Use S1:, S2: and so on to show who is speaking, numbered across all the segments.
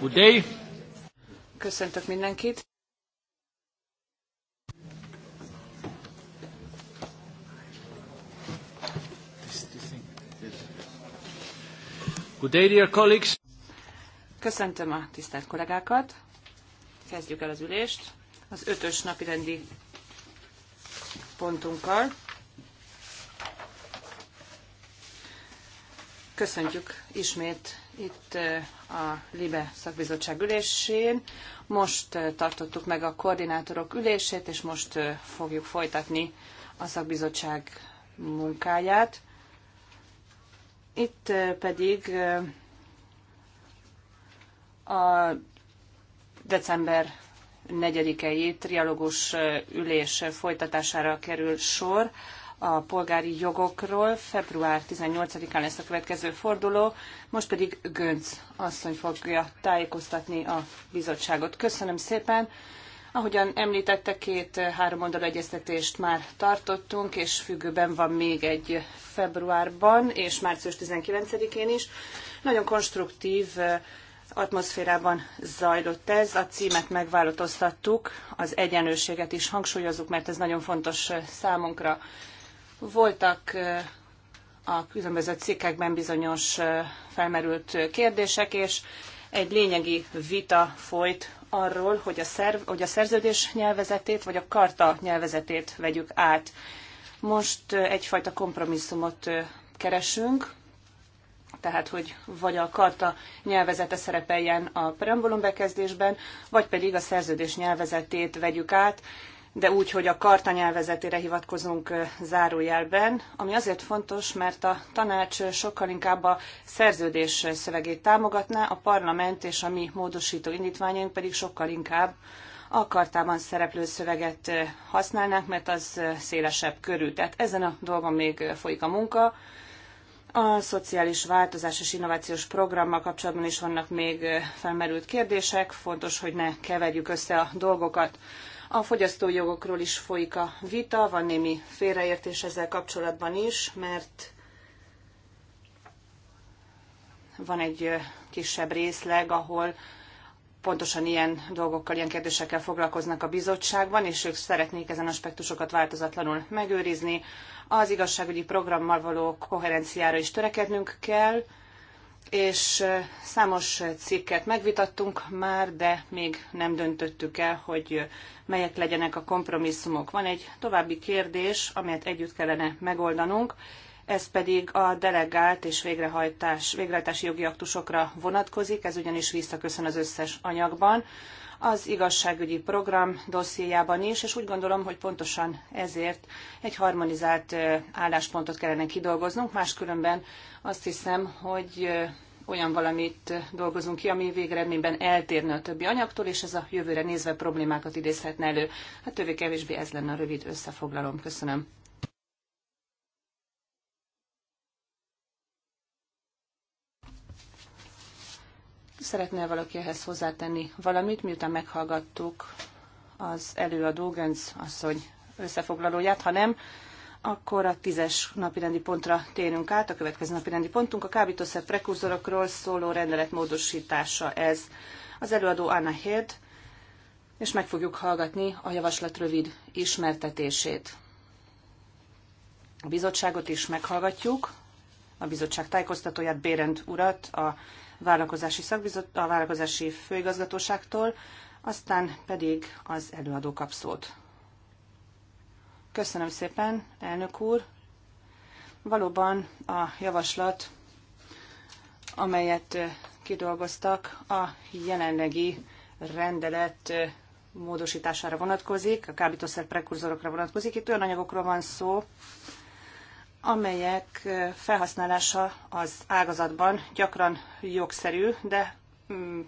S1: Good day. Köszöntök mindenkit. Good day, dear colleagues. Köszöntöm a tisztelt kollégákat. Kezdjük el az ülést az ötös napi rendi pontunkkal. Köszöntjük ismét itt a LIBE szakbizottság ülésén. Most tartottuk meg a koordinátorok ülését, és most fogjuk folytatni a szakbizottság munkáját. Itt pedig a december 4-i trialógus ülés folytatására kerül sor a polgári jogokról. Február 18-án lesz a következő forduló, most pedig Gönc asszony fogja tájékoztatni a bizottságot. Köszönöm szépen! Ahogyan említette, két-három oldal egyeztetést már tartottunk, és függőben van még egy februárban, és március 19-én is. Nagyon konstruktív atmoszférában zajlott ez. A címet megváltoztattuk, az egyenlőséget is hangsúlyozunk, mert ez nagyon fontos számunkra. Voltak a különböző cikkekben bizonyos felmerült kérdések, és egy lényegi vita folyt arról, hogy a, szerv, hogy a szerződés nyelvezetét vagy a karta nyelvezetét vegyük át. Most egyfajta kompromisszumot keresünk, tehát hogy vagy a karta nyelvezete szerepeljen a preambulum bekezdésben, vagy pedig a szerződés nyelvezetét vegyük át, de úgy, hogy a karta nyelvezetére hivatkozunk zárójelben, ami azért fontos, mert a tanács sokkal inkább a szerződés szövegét támogatná, a parlament és a mi módosító indítványaink pedig sokkal inkább a kartában szereplő szöveget használnák, mert az szélesebb körű. Tehát ezen a dolgon még folyik a munka. A szociális változás és innovációs programmal kapcsolatban is vannak még felmerült kérdések. Fontos, hogy ne keverjük össze a dolgokat. A fogyasztójogokról is folyik a vita, van némi félreértés ezzel kapcsolatban is, mert van egy kisebb részleg, ahol pontosan ilyen dolgokkal, ilyen kérdésekkel foglalkoznak a bizottságban, és ők szeretnék ezen aspektusokat változatlanul megőrizni. Az igazságügyi programmal való koherenciára is törekednünk kell, és számos cikket megvitattunk már, de még nem döntöttük el, hogy melyek legyenek a kompromisszumok. Van egy további kérdés, amelyet együtt kellene megoldanunk, ez pedig a delegált és végrehajtás, végrehajtási jogi aktusokra vonatkozik, ez ugyanis visszaköszön az összes anyagban az igazságügyi program dossziéjában is, és úgy gondolom, hogy pontosan ezért egy harmonizált álláspontot kellene kidolgoznunk, máskülönben azt hiszem, hogy olyan valamit dolgozunk ki, ami végeredményben eltérne a többi anyagtól, és ez a jövőre nézve problémákat idézhetne elő. Hát többé-kevésbé ez lenne a rövid összefoglalom. Köszönöm. Szeretne valaki ehhez hozzátenni valamit, miután meghallgattuk az előadó Gönc asszony összefoglalóját, ha nem, akkor a tízes napirendi pontra térünk át. A következő napirendi pontunk a kábítószer prekurzorokról szóló rendelet módosítása ez. Az előadó Anna Hird, és meg fogjuk hallgatni a javaslat rövid ismertetését. A bizottságot is meghallgatjuk, a bizottság tájékoztatóját, Bérend urat, a vállalkozási, szakbizot, a vállalkozási főigazgatóságtól, aztán pedig az előadó kap szót. Köszönöm szépen, elnök úr. Valóban a javaslat, amelyet kidolgoztak, a jelenlegi rendelet módosítására vonatkozik, a kábítószer prekurzorokra vonatkozik. Itt olyan anyagokról van szó, amelyek felhasználása az ágazatban gyakran jogszerű, de mm,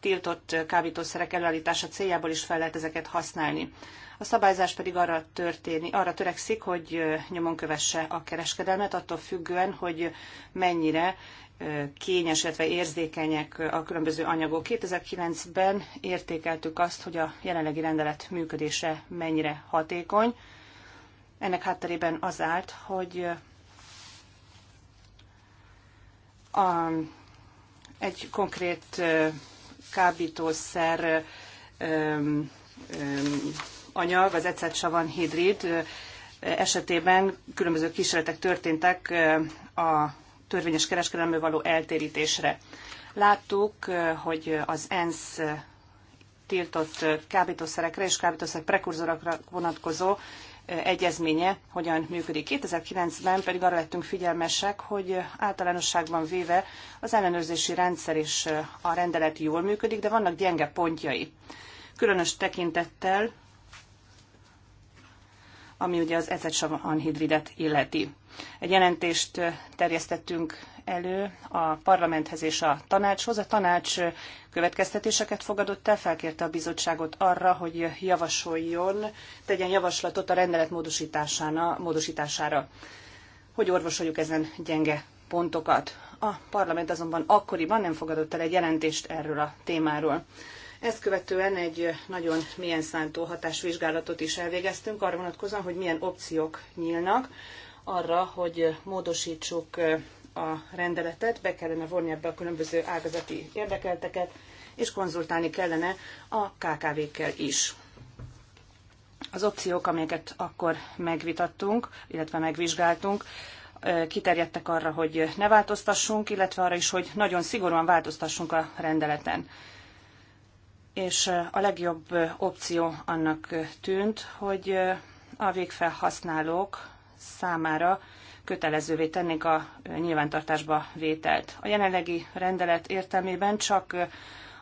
S1: tiltott kábítószerek előállítása céljából is fel lehet ezeket használni. A szabályzás pedig arra, történi, arra törekszik, hogy nyomon kövesse a kereskedelmet, attól függően, hogy mennyire kényes, illetve érzékenyek a különböző anyagok. 2009-ben értékeltük azt, hogy a jelenlegi rendelet működése mennyire hatékony, ennek hátterében az állt, hogy a, egy konkrét kábítószer öm, öm, anyag, az ecetsavan hidrid esetében különböző kísérletek történtek a törvényes kereskedelmű való eltérítésre. Láttuk, hogy az ENSZ tiltott kábítószerekre és kábítószerek prekurzorokra vonatkozó egyezménye hogyan működik. 2009-ben pedig arra lettünk figyelmesek, hogy általánosságban véve az ellenőrzési rendszer és a rendelet jól működik, de vannak gyenge pontjai. Különös tekintettel, ami ugye az ecetsav anhidridet illeti. Egy jelentést terjesztettünk elő a parlamenthez és a tanácshoz. A tanács következtetéseket fogadott el, felkérte a bizottságot arra, hogy javasoljon, tegyen javaslatot a rendelet módosítására, hogy orvosoljuk ezen gyenge pontokat. A parlament azonban akkoriban nem fogadott el egy jelentést erről a témáról. Ezt követően egy nagyon mélyen szántó hatásvizsgálatot is elvégeztünk, arra vonatkozóan, hogy milyen opciók nyílnak arra, hogy módosítsuk a rendeletet, be kellene vonni ebbe a különböző ágazati érdekelteket, és konzultálni kellene a KKV-kkel is. Az opciók, amelyeket akkor megvitattunk, illetve megvizsgáltunk, kiterjedtek arra, hogy ne változtassunk, illetve arra is, hogy nagyon szigorúan változtassunk a rendeleten. És a legjobb opció annak tűnt, hogy a végfelhasználók számára kötelezővé tennénk a nyilvántartásba vételt. A jelenlegi rendelet értelmében csak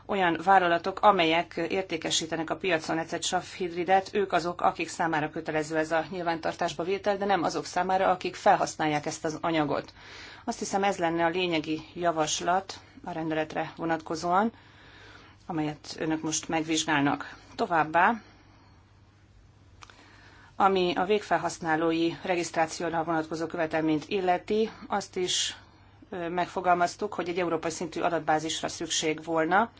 S1: olyan vállalatok, amelyek értékesítenek a piacon ecet savhidridet, ők azok, akik számára kötelező ez a nyilvántartásba vétel, de nem azok számára, akik felhasználják ezt az anyagot. Azt hiszem ez lenne a lényegi javaslat a rendeletre vonatkozóan, amelyet önök most megvizsgálnak. Továbbá ami a végfelhasználói regisztrációra vonatkozó követelményt illeti, azt is megfogalmaztuk, hogy egy európai szintű adatbázisra szükség volna.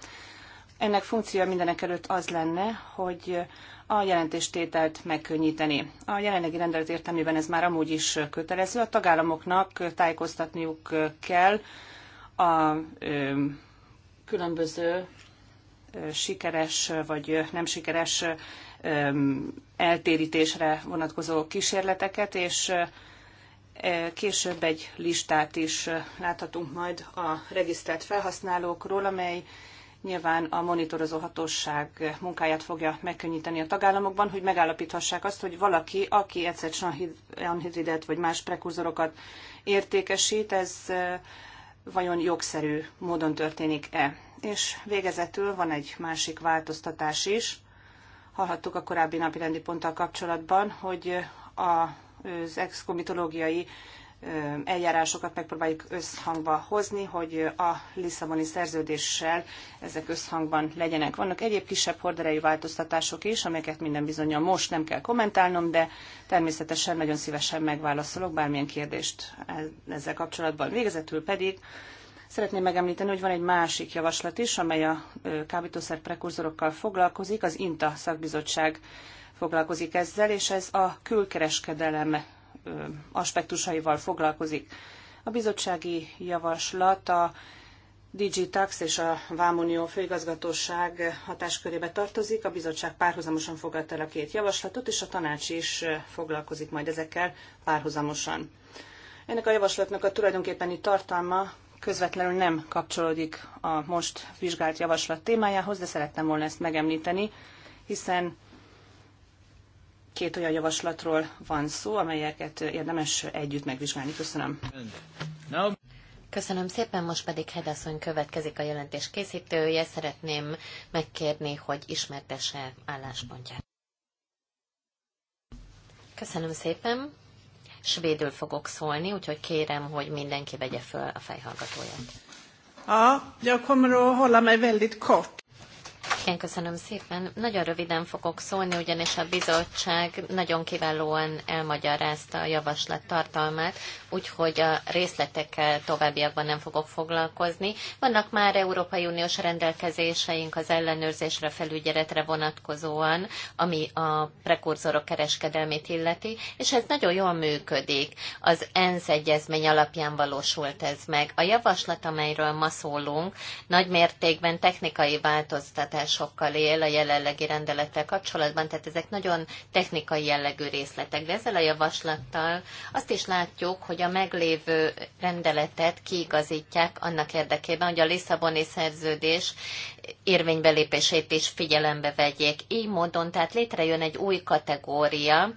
S1: Ennek funkciója mindenek előtt az lenne, hogy a jelentéstételt megkönnyíteni. A jelenlegi rendelet értelmében ez már amúgy is kötelező. A tagállamoknak tájékoztatniuk kell a különböző sikeres vagy nem sikeres eltérítésre vonatkozó kísérleteket, és később egy listát is láthatunk majd a regisztrált felhasználókról, amely nyilván a monitorozó hatóság munkáját fogja megkönnyíteni a tagállamokban, hogy megállapíthassák azt, hogy valaki, aki anhidridet vagy más prekurzorokat értékesít, ez vajon jogszerű módon történik-e. És végezetül van egy másik változtatás is, hallhattuk a korábbi napi rendi ponttal kapcsolatban, hogy az exkomitológiai eljárásokat megpróbáljuk összhangba hozni, hogy a Lisszaboni szerződéssel ezek összhangban legyenek. Vannak egyéb kisebb horderejű változtatások is, amelyeket minden bizonyal most nem kell kommentálnom, de természetesen nagyon szívesen megválaszolok bármilyen kérdést e- ezzel kapcsolatban. Végezetül pedig Szeretném megemlíteni, hogy van egy másik javaslat is, amely a kábítószer prekurzorokkal foglalkozik, az INTA szakbizottság foglalkozik ezzel, és ez a külkereskedelem aspektusaival foglalkozik. A bizottsági javaslat a DG Tax és a Vámunió főigazgatóság hatáskörébe tartozik. A bizottság párhuzamosan fogadta el a két javaslatot, és a tanács is foglalkozik majd ezekkel párhuzamosan. Ennek a javaslatnak a tulajdonképpeni tartalma közvetlenül nem kapcsolódik a most vizsgált javaslat témájához, de szerettem volna ezt megemlíteni, hiszen két olyan javaslatról van szó, amelyeket érdemes együtt megvizsgálni. Köszönöm. Köszönöm szépen, most pedig Hedasszony következik a
S2: jelentés készítője. Szeretném megkérni, hogy ismertesse álláspontját. Köszönöm szépen. Svédül fogok szólni, úgyhogy kérem, hogy mindenki vegye föl a fejhallgatóját. Ja, jag
S1: kommer att hålla mig väldigt kort.
S2: Igen, köszönöm szépen. Nagyon röviden fogok szólni, ugyanis a bizottság nagyon kiválóan elmagyarázta a javaslat tartalmát, úgyhogy a részletekkel továbbiakban nem fogok foglalkozni. Vannak már Európai Uniós rendelkezéseink az ellenőrzésre, felügyeletre vonatkozóan, ami a prekurzorok kereskedelmét illeti, és ez nagyon jól működik. Az ENSZ egyezmény alapján valósult ez meg. A javaslat, amelyről ma szólunk, nagy mértékben technikai változtatás változtatásokkal él a jelenlegi rendelettel kapcsolatban, tehát ezek nagyon technikai jellegű részletek. De ezzel a javaslattal azt is látjuk, hogy a meglévő rendeletet kiigazítják annak érdekében, hogy a Lisszaboni szerződés érvénybelépését is figyelembe vegyék. Így módon tehát létrejön egy új kategória,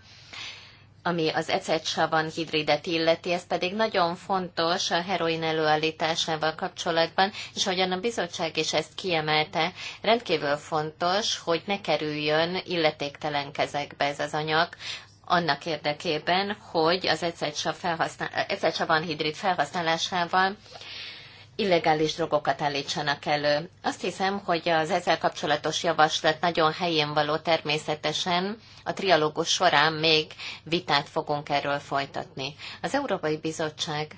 S2: ami az ecetsavan hidridet illeti, ez pedig nagyon fontos a heroin előállításával kapcsolatban, és ahogyan a bizottság is ezt kiemelte, rendkívül fontos, hogy ne kerüljön illetéktelen kezekbe ez az anyag, annak érdekében, hogy az ecetsavan hidrid felhasználásával illegális drogokat állítsanak elő. Azt hiszem, hogy az ezzel kapcsolatos javaslat nagyon helyén való természetesen. A trialógus során még vitát fogunk erről folytatni. Az Európai Bizottság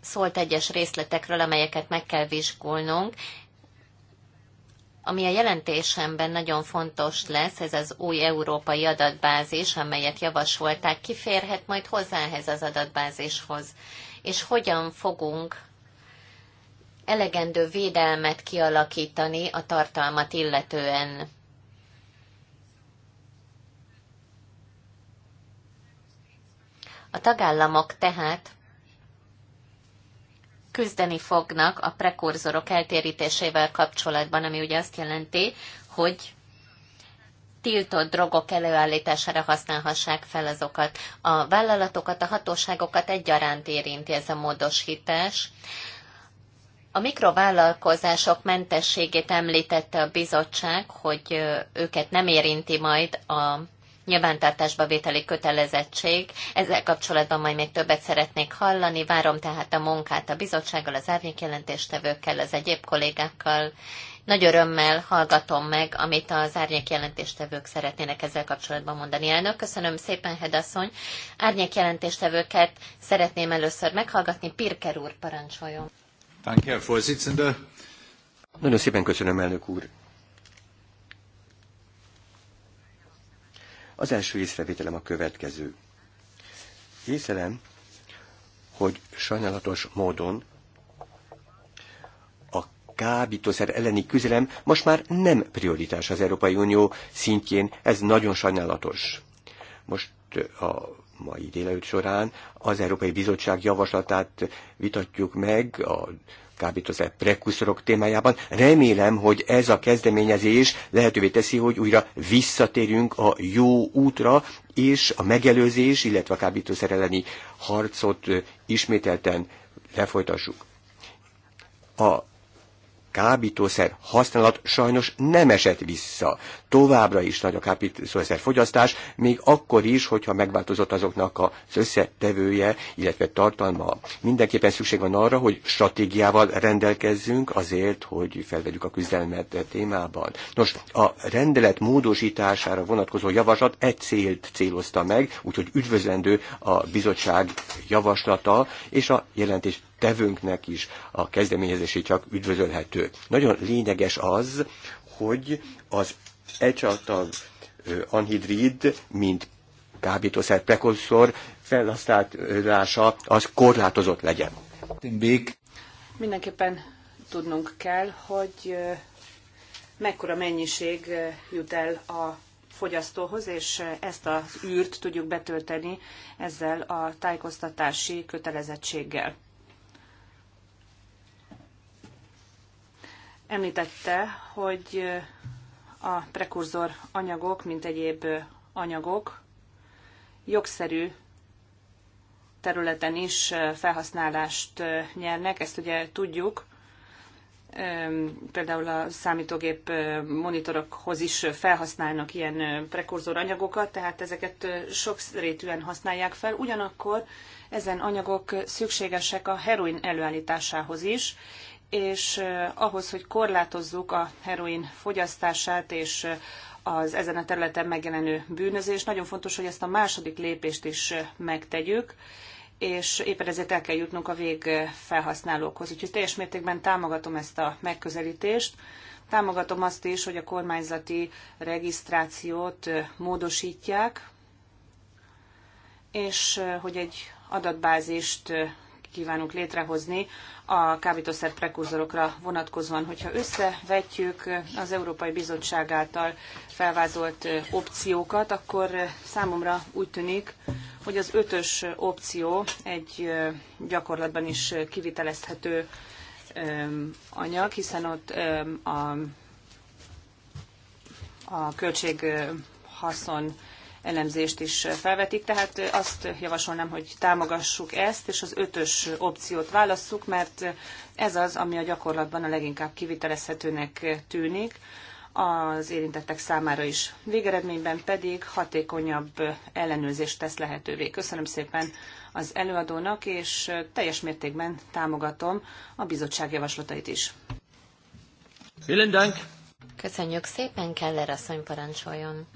S2: szólt egyes részletekről, amelyeket meg kell vizsgulnunk, ami a jelentésemben nagyon fontos lesz, ez az új európai adatbázis, amelyet javasolták, kiférhet majd hozzá ehhez az adatbázishoz és hogyan fogunk elegendő védelmet kialakítani a tartalmat illetően. A tagállamok tehát küzdeni fognak a prekurzorok eltérítésével kapcsolatban, ami ugye azt jelenti, hogy tiltott drogok előállítására használhassák fel azokat. A vállalatokat, a hatóságokat egyaránt érinti ez a módosítás. A mikrovállalkozások mentességét említette a bizottság, hogy őket nem érinti majd a nyilvántartásba vételi kötelezettség. Ezzel kapcsolatban majd még többet szeretnék hallani. Várom tehát a munkát a bizottsággal, az árnyékjelentéstevőkkel, az egyéb kollégákkal, nagy örömmel hallgatom meg, amit az árnyék jelentéstevők szeretnének ezzel kapcsolatban mondani. Elnök, köszönöm szépen, Hedasszony. Árnyék jelentéstevőket szeretném először meghallgatni. Pirker úr, parancsoljon.
S3: Nagyon szépen köszönöm, elnök úr. Az első észrevételem a következő. Észlelem, hogy sajnálatos módon kábítószer elleni küzdelem most már nem prioritás az Európai Unió szintjén, ez nagyon sajnálatos. Most a mai délelőtt során az Európai Bizottság javaslatát vitatjuk meg a kábítószer prekuszorok témájában. Remélem, hogy ez a kezdeményezés lehetővé teszi, hogy újra visszatérjünk a jó útra, és a megelőzés, illetve a kábítószer elleni harcot ismételten lefolytassuk. A kábítószer használat sajnos nem esett vissza. Továbbra is nagy a kábítószer fogyasztás, még akkor is, hogyha megváltozott azoknak az összetevője, illetve tartalma. Mindenképpen szükség van arra, hogy stratégiával rendelkezzünk azért, hogy felvegyük a küzdelmet témában. Nos, a rendelet módosítására vonatkozó javaslat egy célt célozta meg, úgyhogy üdvözlendő a bizottság javaslata, és a jelentés tevőnknek is a kezdeményezési csak üdvözölhető. Nagyon lényeges az, hogy az ecsaltal anhidrid, mint kábítószer prekurszor felhasználása az korlátozott legyen.
S1: Mindenképpen tudnunk kell, hogy mekkora mennyiség jut el a fogyasztóhoz, és ezt az űrt tudjuk betölteni ezzel a tájékoztatási kötelezettséggel. Említette, hogy a prekurzor anyagok, mint egyéb anyagok jogszerű területen is felhasználást nyernek, ezt ugye tudjuk, például a számítógép monitorokhoz is felhasználnak ilyen prekurzor anyagokat, tehát ezeket sokrétűen használják fel. Ugyanakkor ezen anyagok szükségesek a heroin előállításához is, és ahhoz, hogy korlátozzuk a heroin fogyasztását és az ezen a területen megjelenő bűnözés, nagyon fontos, hogy ezt a második lépést is megtegyük, és éppen ezért el kell jutnunk a végfelhasználókhoz. Úgyhogy teljes mértékben támogatom ezt a megközelítést. Támogatom azt is, hogy a kormányzati regisztrációt módosítják, és hogy egy adatbázist kívánunk létrehozni a kábítószer prekurzorokra vonatkozóan. Hogyha összevetjük az Európai Bizottság által felvázolt opciókat, akkor számomra úgy tűnik, hogy az ötös opció egy gyakorlatban is kivitelezhető anyag, hiszen ott a, a költség haszon elemzést is felvetik, tehát azt javasolnám, hogy támogassuk ezt, és az ötös opciót válasszuk, mert ez az, ami a gyakorlatban a leginkább kivitelezhetőnek tűnik az érintettek számára is. Végeredményben pedig hatékonyabb ellenőrzést tesz lehetővé. Köszönöm szépen az előadónak, és teljes mértékben támogatom a bizottság javaslatait is. Dank! Köszönjük szépen, Keller asszony
S2: parancsoljon.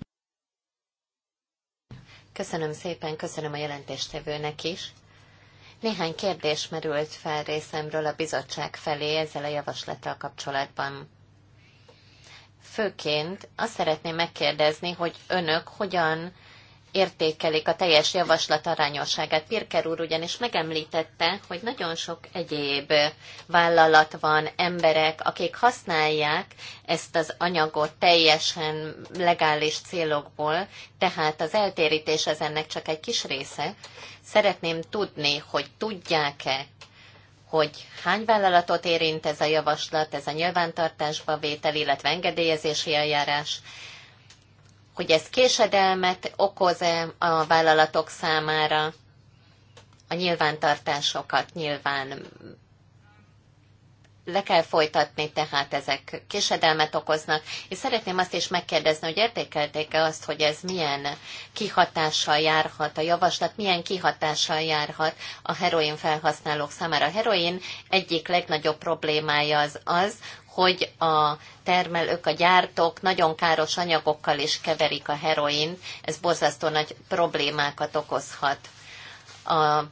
S2: Köszönöm szépen, köszönöm a jelentéstevőnek is. Néhány kérdés merült fel részemről a bizottság felé ezzel a javaslattal kapcsolatban. Főként azt szeretném megkérdezni, hogy önök hogyan értékelik a teljes javaslat arányosságát. Pirker úr ugyanis megemlítette, hogy nagyon sok egyéb vállalat van, emberek, akik használják ezt az anyagot teljesen legális célokból, tehát az eltérítés az ennek csak egy kis része. Szeretném tudni, hogy tudják-e, hogy hány vállalatot érint ez a javaslat, ez a nyilvántartásba vétel, illetve engedélyezési eljárás, hogy ez késedelmet okoz-e a vállalatok számára, a nyilvántartásokat nyilván le kell folytatni, tehát ezek késedelmet okoznak. És szeretném azt is megkérdezni, hogy értékelték-e azt, hogy ez milyen kihatással járhat a javaslat, milyen kihatással járhat a heroin felhasználók számára. A heroin egyik legnagyobb problémája az az, hogy a termelők, a gyártók nagyon káros anyagokkal is keverik a heroin, ez borzasztó nagy problémákat okozhat a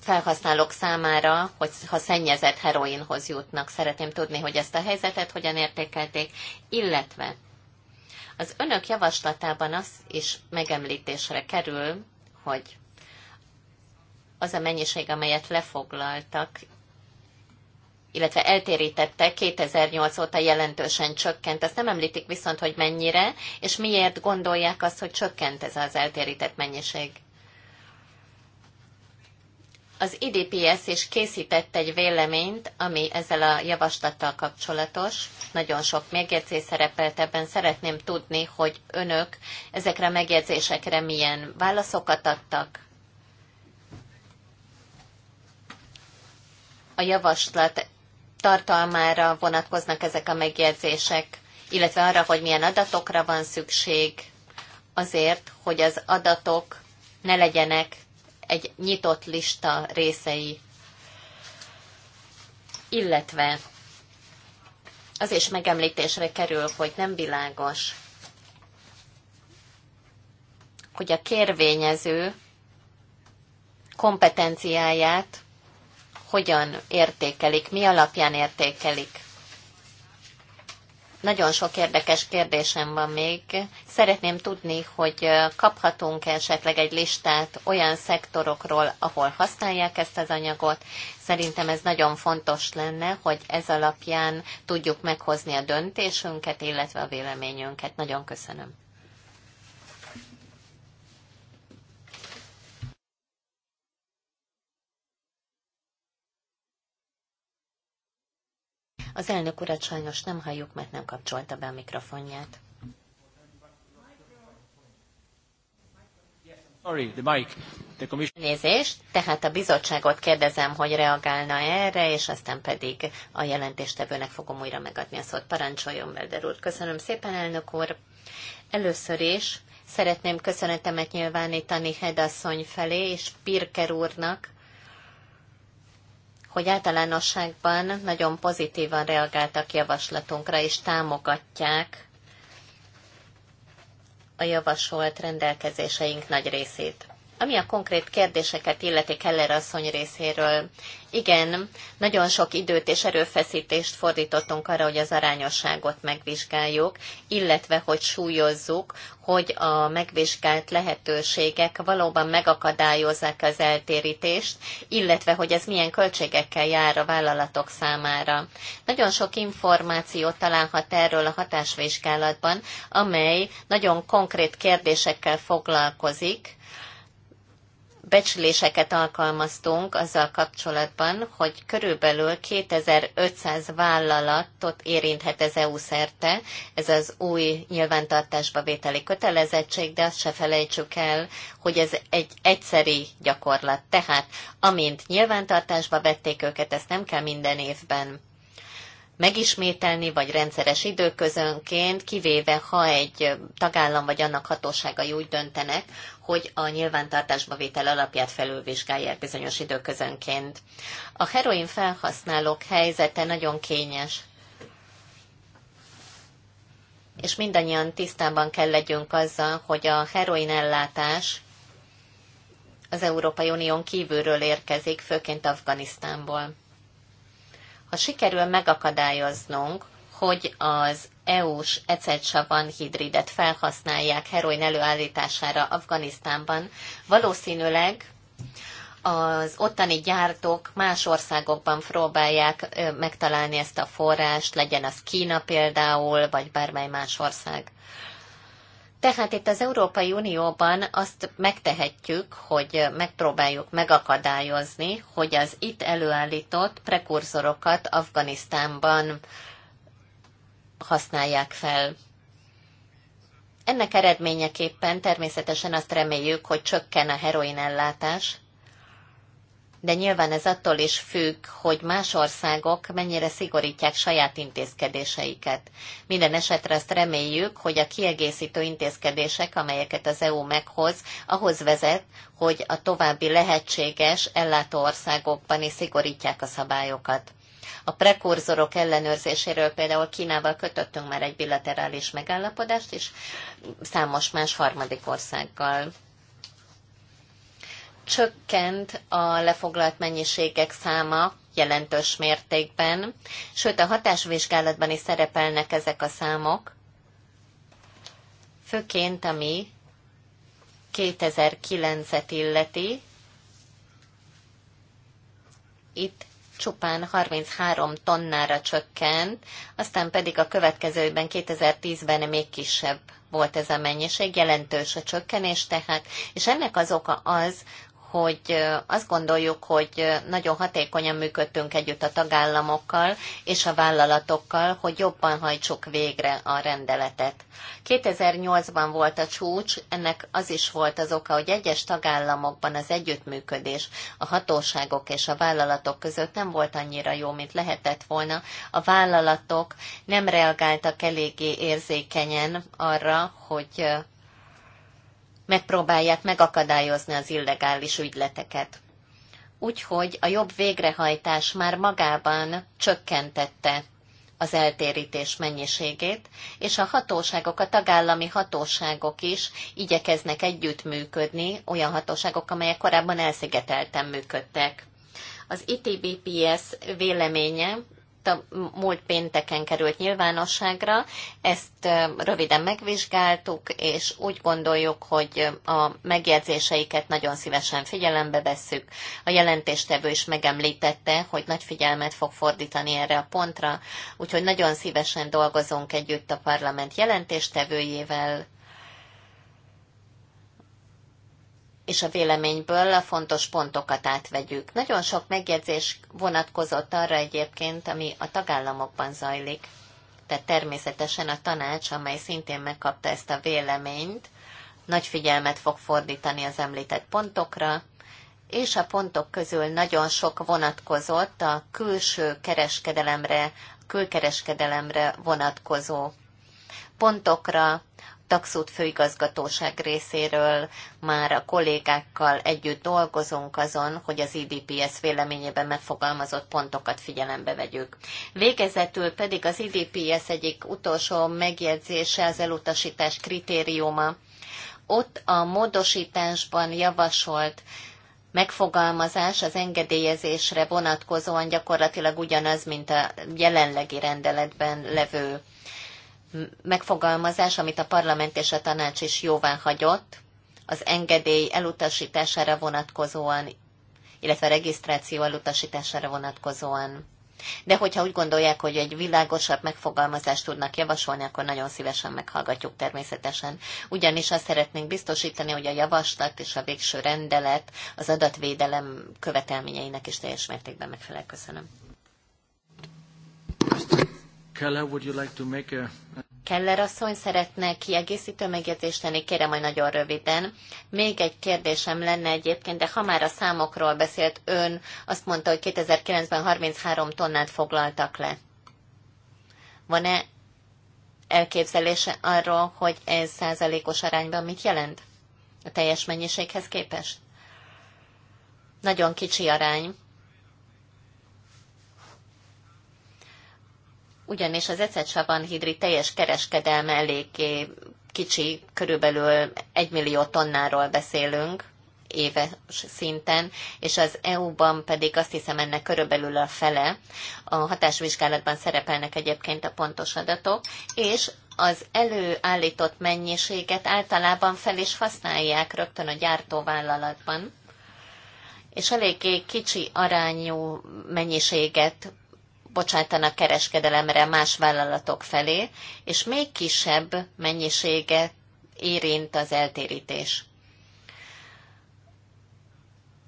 S2: felhasználók számára, hogy ha szennyezett heroinhoz jutnak. Szeretném tudni, hogy ezt a helyzetet hogyan értékelték, illetve az önök javaslatában az is megemlítésre kerül, hogy az a mennyiség, amelyet lefoglaltak, illetve eltérítette 2008 óta jelentősen csökkent. Ezt nem említik viszont, hogy mennyire, és miért gondolják azt, hogy csökkent ez az eltérített mennyiség. Az IDPS is készített egy véleményt, ami ezzel a javaslattal kapcsolatos. Nagyon sok megjegyzés szerepelt ebben. Szeretném tudni, hogy önök ezekre a megjegyzésekre milyen válaszokat adtak. A javaslat tartalmára vonatkoznak ezek a megjegyzések, illetve arra, hogy milyen adatokra van szükség azért, hogy az adatok ne legyenek egy nyitott lista részei. Illetve az is megemlítésre kerül, hogy nem világos, hogy a kérvényező kompetenciáját hogyan értékelik, mi alapján értékelik. Nagyon sok érdekes kérdésem van még. Szeretném tudni, hogy kaphatunk -e esetleg egy listát olyan szektorokról, ahol használják ezt az anyagot. Szerintem ez nagyon fontos lenne, hogy ez alapján tudjuk meghozni a döntésünket, illetve a véleményünket. Nagyon köszönöm. Az elnök urat sajnos nem halljuk, mert nem kapcsolta be a mikrofonját.
S3: Sorry, the mic. The commission...
S2: Nézést, tehát a bizottságot kérdezem, hogy reagálna erre, és aztán pedig a jelentéstevőnek fogom újra megadni a szót. Parancsoljon, Belder úr. Köszönöm szépen, elnök úr. Először is szeretném köszönetemet nyilvánítani Hedasszony felé és Pirker úrnak, hogy általánosságban nagyon pozitívan reagáltak javaslatunkra, és támogatják a javasolt rendelkezéseink nagy részét. Ami a konkrét kérdéseket illeti Keller asszony részéről, igen, nagyon sok időt és erőfeszítést fordítottunk arra, hogy az arányosságot megvizsgáljuk, illetve hogy súlyozzuk, hogy a megvizsgált lehetőségek valóban megakadályozzák az eltérítést, illetve hogy ez milyen költségekkel jár a vállalatok számára. Nagyon sok információt találhat erről a hatásvizsgálatban, amely nagyon konkrét kérdésekkel foglalkozik, becsléseket alkalmaztunk azzal kapcsolatban, hogy körülbelül 2500 vállalatot érinthet ez EU szerte, ez az új nyilvántartásba vételi kötelezettség, de azt se felejtsük el, hogy ez egy egyszeri gyakorlat. Tehát amint nyilvántartásba vették őket, ezt nem kell minden évben megismételni, vagy rendszeres időközönként, kivéve ha egy tagállam vagy annak hatóságai úgy döntenek, hogy a nyilvántartásba vétel alapját felülvizsgálják bizonyos időközönként. A heroin felhasználók helyzete nagyon kényes, és mindannyian tisztában kell legyünk azzal, hogy a heroin ellátás az Európai Unión kívülről érkezik, főként Afganisztánból. Ha sikerül megakadályoznunk, hogy az EU-s ecetsavan hidridet felhasználják heroin előállítására Afganisztánban, valószínűleg az ottani gyártók más országokban próbálják megtalálni ezt a forrást, legyen az Kína például, vagy bármely más ország. Tehát itt az Európai Unióban azt megtehetjük, hogy megpróbáljuk megakadályozni, hogy az itt előállított prekurzorokat Afganisztánban használják fel. Ennek eredményeképpen természetesen azt reméljük, hogy csökken a heroin ellátás, de nyilván ez attól is függ, hogy más országok mennyire szigorítják saját intézkedéseiket. Minden esetre azt reméljük, hogy a kiegészítő intézkedések, amelyeket az EU meghoz, ahhoz vezet, hogy a további lehetséges ellátó országokban is szigorítják a szabályokat. A prekurzorok ellenőrzéséről például Kínával kötöttünk már egy bilaterális megállapodást, és számos más harmadik országgal csökkent a lefoglalt mennyiségek száma jelentős mértékben, sőt a hatásvizsgálatban is szerepelnek ezek a számok, főként ami 2009-et illeti. Itt csupán 33 tonnára csökkent, aztán pedig a következőben 2010-ben még kisebb volt ez a mennyiség, jelentős a csökkenés tehát, és ennek az oka az, hogy azt gondoljuk, hogy nagyon hatékonyan működtünk együtt a tagállamokkal és a vállalatokkal, hogy jobban hajtsuk végre a rendeletet. 2008-ban volt a csúcs, ennek az is volt az oka, hogy egyes tagállamokban az együttműködés a hatóságok és a vállalatok között nem volt annyira jó, mint lehetett volna. A vállalatok nem reagáltak eléggé érzékenyen arra, hogy megpróbálják megakadályozni az illegális ügyleteket. Úgyhogy a jobb végrehajtás már magában csökkentette az eltérítés mennyiségét, és a hatóságok, a tagállami hatóságok is igyekeznek együttműködni, olyan hatóságok, amelyek korábban elszigetelten működtek. Az ITBPS véleménye múlt pénteken került nyilvánosságra, ezt röviden megvizsgáltuk, és úgy gondoljuk, hogy a megjegyzéseiket nagyon szívesen figyelembe vesszük. A jelentéstevő is megemlítette, hogy nagy figyelmet fog fordítani erre a pontra, úgyhogy nagyon szívesen dolgozunk együtt a parlament jelentéstevőjével, és a véleményből a fontos pontokat átvegyük. Nagyon sok megjegyzés vonatkozott arra egyébként, ami a tagállamokban zajlik. Tehát természetesen a tanács, amely szintén megkapta ezt a véleményt, nagy figyelmet fog fordítani az említett pontokra, és a pontok közül nagyon sok vonatkozott a külső kereskedelemre, külkereskedelemre vonatkozó pontokra, Taxút főigazgatóság részéről már a kollégákkal együtt dolgozunk azon, hogy az IDPS véleményében megfogalmazott pontokat figyelembe vegyük. Végezetül pedig az IDPS egyik utolsó megjegyzése az elutasítás kritériuma. Ott a módosításban javasolt megfogalmazás az engedélyezésre vonatkozóan gyakorlatilag ugyanaz, mint a jelenlegi rendeletben levő megfogalmazás, amit a parlament és a tanács is jóvá hagyott, az engedély elutasítására vonatkozóan, illetve regisztráció elutasítására vonatkozóan. De hogyha úgy gondolják, hogy egy világosabb megfogalmazást tudnak javasolni, akkor nagyon szívesen meghallgatjuk természetesen. Ugyanis azt szeretnénk biztosítani, hogy a javaslat és a végső rendelet az adatvédelem követelményeinek is teljes mértékben megfelel. Köszönöm.
S3: Keller, would you like to make a...
S2: Keller asszony szeretne kiegészítő megjegyzést tenni, kérem, hogy nagyon röviden. Még egy kérdésem lenne egyébként, de ha már a számokról beszélt ön, azt mondta, hogy 2009-ben 33 tonnát foglaltak le. Van-e elképzelése arról, hogy ez százalékos arányban mit jelent a teljes mennyiséghez képest? Nagyon kicsi arány ugyanis az ecetsavan hidri teljes kereskedelme eléggé kicsi, körülbelül 1 millió tonnáról beszélünk éves szinten, és az EU-ban pedig azt hiszem ennek körülbelül a fele. A hatásvizsgálatban szerepelnek egyébként a pontos adatok, és az előállított mennyiséget általában fel is használják rögtön a gyártóvállalatban, és eléggé kicsi arányú mennyiséget bocsátanak kereskedelemre más vállalatok felé, és még kisebb mennyisége érint az eltérítés.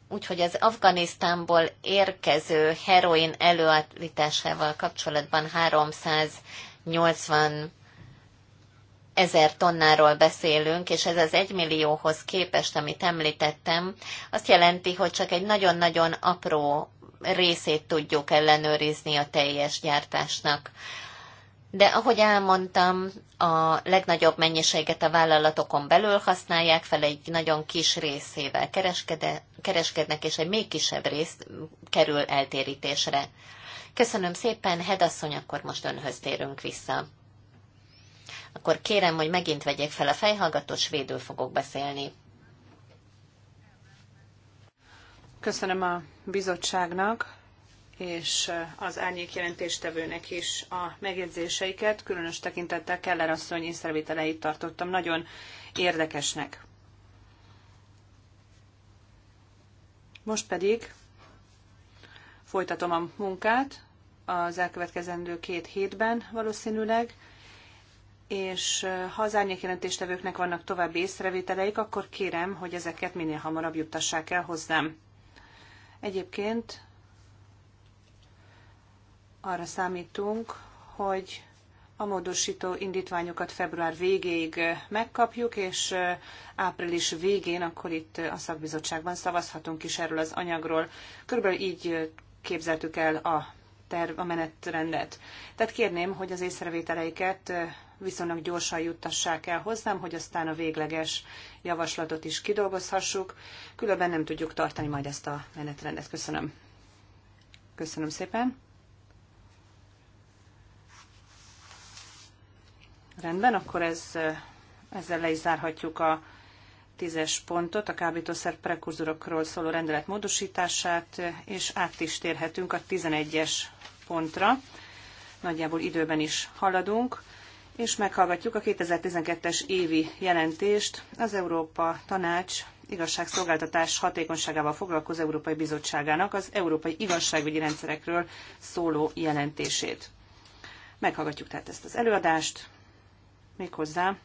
S2: Úgyhogy az Afganisztánból érkező heroin előállításával kapcsolatban 380 ezer tonnáról beszélünk, és ez az egymillióhoz képest, amit említettem, azt jelenti, hogy csak egy nagyon-nagyon apró részét tudjuk ellenőrizni a teljes gyártásnak. De ahogy elmondtam, a legnagyobb mennyiséget a vállalatokon belül használják fel, egy nagyon kis részével kereskednek, és egy még kisebb rész kerül eltérítésre. Köszönöm szépen, Hedasszony, akkor most önhöz térünk vissza. Akkor kérem, hogy megint vegyék
S1: fel a fejhallgatót, védő fogok beszélni. Köszönöm a bizottságnak és az árnyék jelentéstevőnek is a megjegyzéseiket. Különös tekintettel Keller asszony észrevételeit tartottam nagyon érdekesnek. Most pedig folytatom a munkát az elkövetkezendő két hétben valószínűleg, és ha az árnyékjelentéstevőknek vannak további észrevételeik, akkor kérem, hogy ezeket minél hamarabb juttassák el hozzám. Egyébként arra számítunk, hogy a módosító indítványokat február végéig megkapjuk, és április végén akkor itt a szakbizottságban szavazhatunk is erről az anyagról. Körülbelül így képzeltük el a terv, a menetrendet. Tehát kérném, hogy az észrevételeiket viszonylag gyorsan juttassák el hozzám, hogy aztán a végleges javaslatot is kidolgozhassuk. Különben nem tudjuk tartani majd ezt a menetrendet. Köszönöm. Köszönöm szépen. Rendben, akkor ez, ezzel le is zárhatjuk a tízes pontot, a kábítószer prekurzorokról szóló rendelet módosítását, és át is térhetünk a 11-es pontra. Nagyjából időben is haladunk és meghallgatjuk a 2012-es évi jelentést az Európa Tanács igazságszolgáltatás hatékonyságával foglalkozó Európai Bizottságának az európai igazságügyi rendszerekről szóló jelentését. Meghallgatjuk tehát ezt az előadást, méghozzá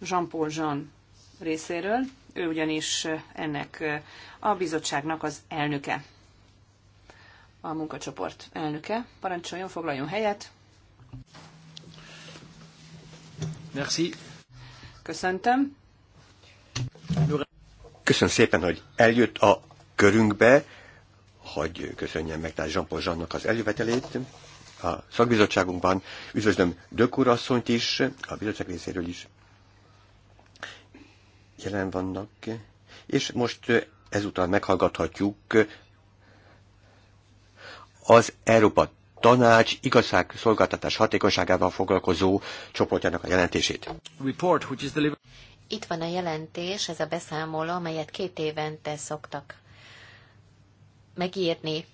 S1: Jean-Paul Jean részéről, ő ugyanis ennek a bizottságnak az elnöke, a munkacsoport elnöke. Parancsoljon, foglaljon helyet! Merci. Köszöntöm.
S3: Köszönöm szépen, hogy eljött a körünkbe, hogy köszönjem meg tehát Jean-Paul Zsannak az eljövetelét a szakbizottságunkban. Üdvözlöm Dök asszonyt is, a bizottság részéről is jelen vannak, és most ezúttal meghallgathatjuk az Európa tanács igazság szolgáltatás hatékonyságával foglalkozó csoportjának a jelentését.
S2: Itt van a jelentés, ez a beszámoló, amelyet két évente szoktak megírni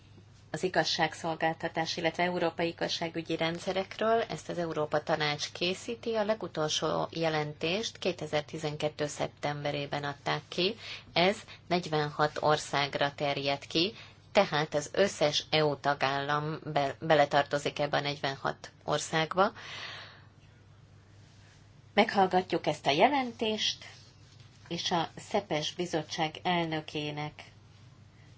S2: az igazságszolgáltatás, illetve európai igazságügyi rendszerekről. Ezt az Európa Tanács készíti. A legutolsó jelentést 2012. szeptemberében adták ki. Ez 46 országra terjed ki, tehát az összes EU tagállam be, beletartozik ebbe a 46 országba. Meghallgatjuk ezt a jelentést, és a Szepes Bizottság elnökének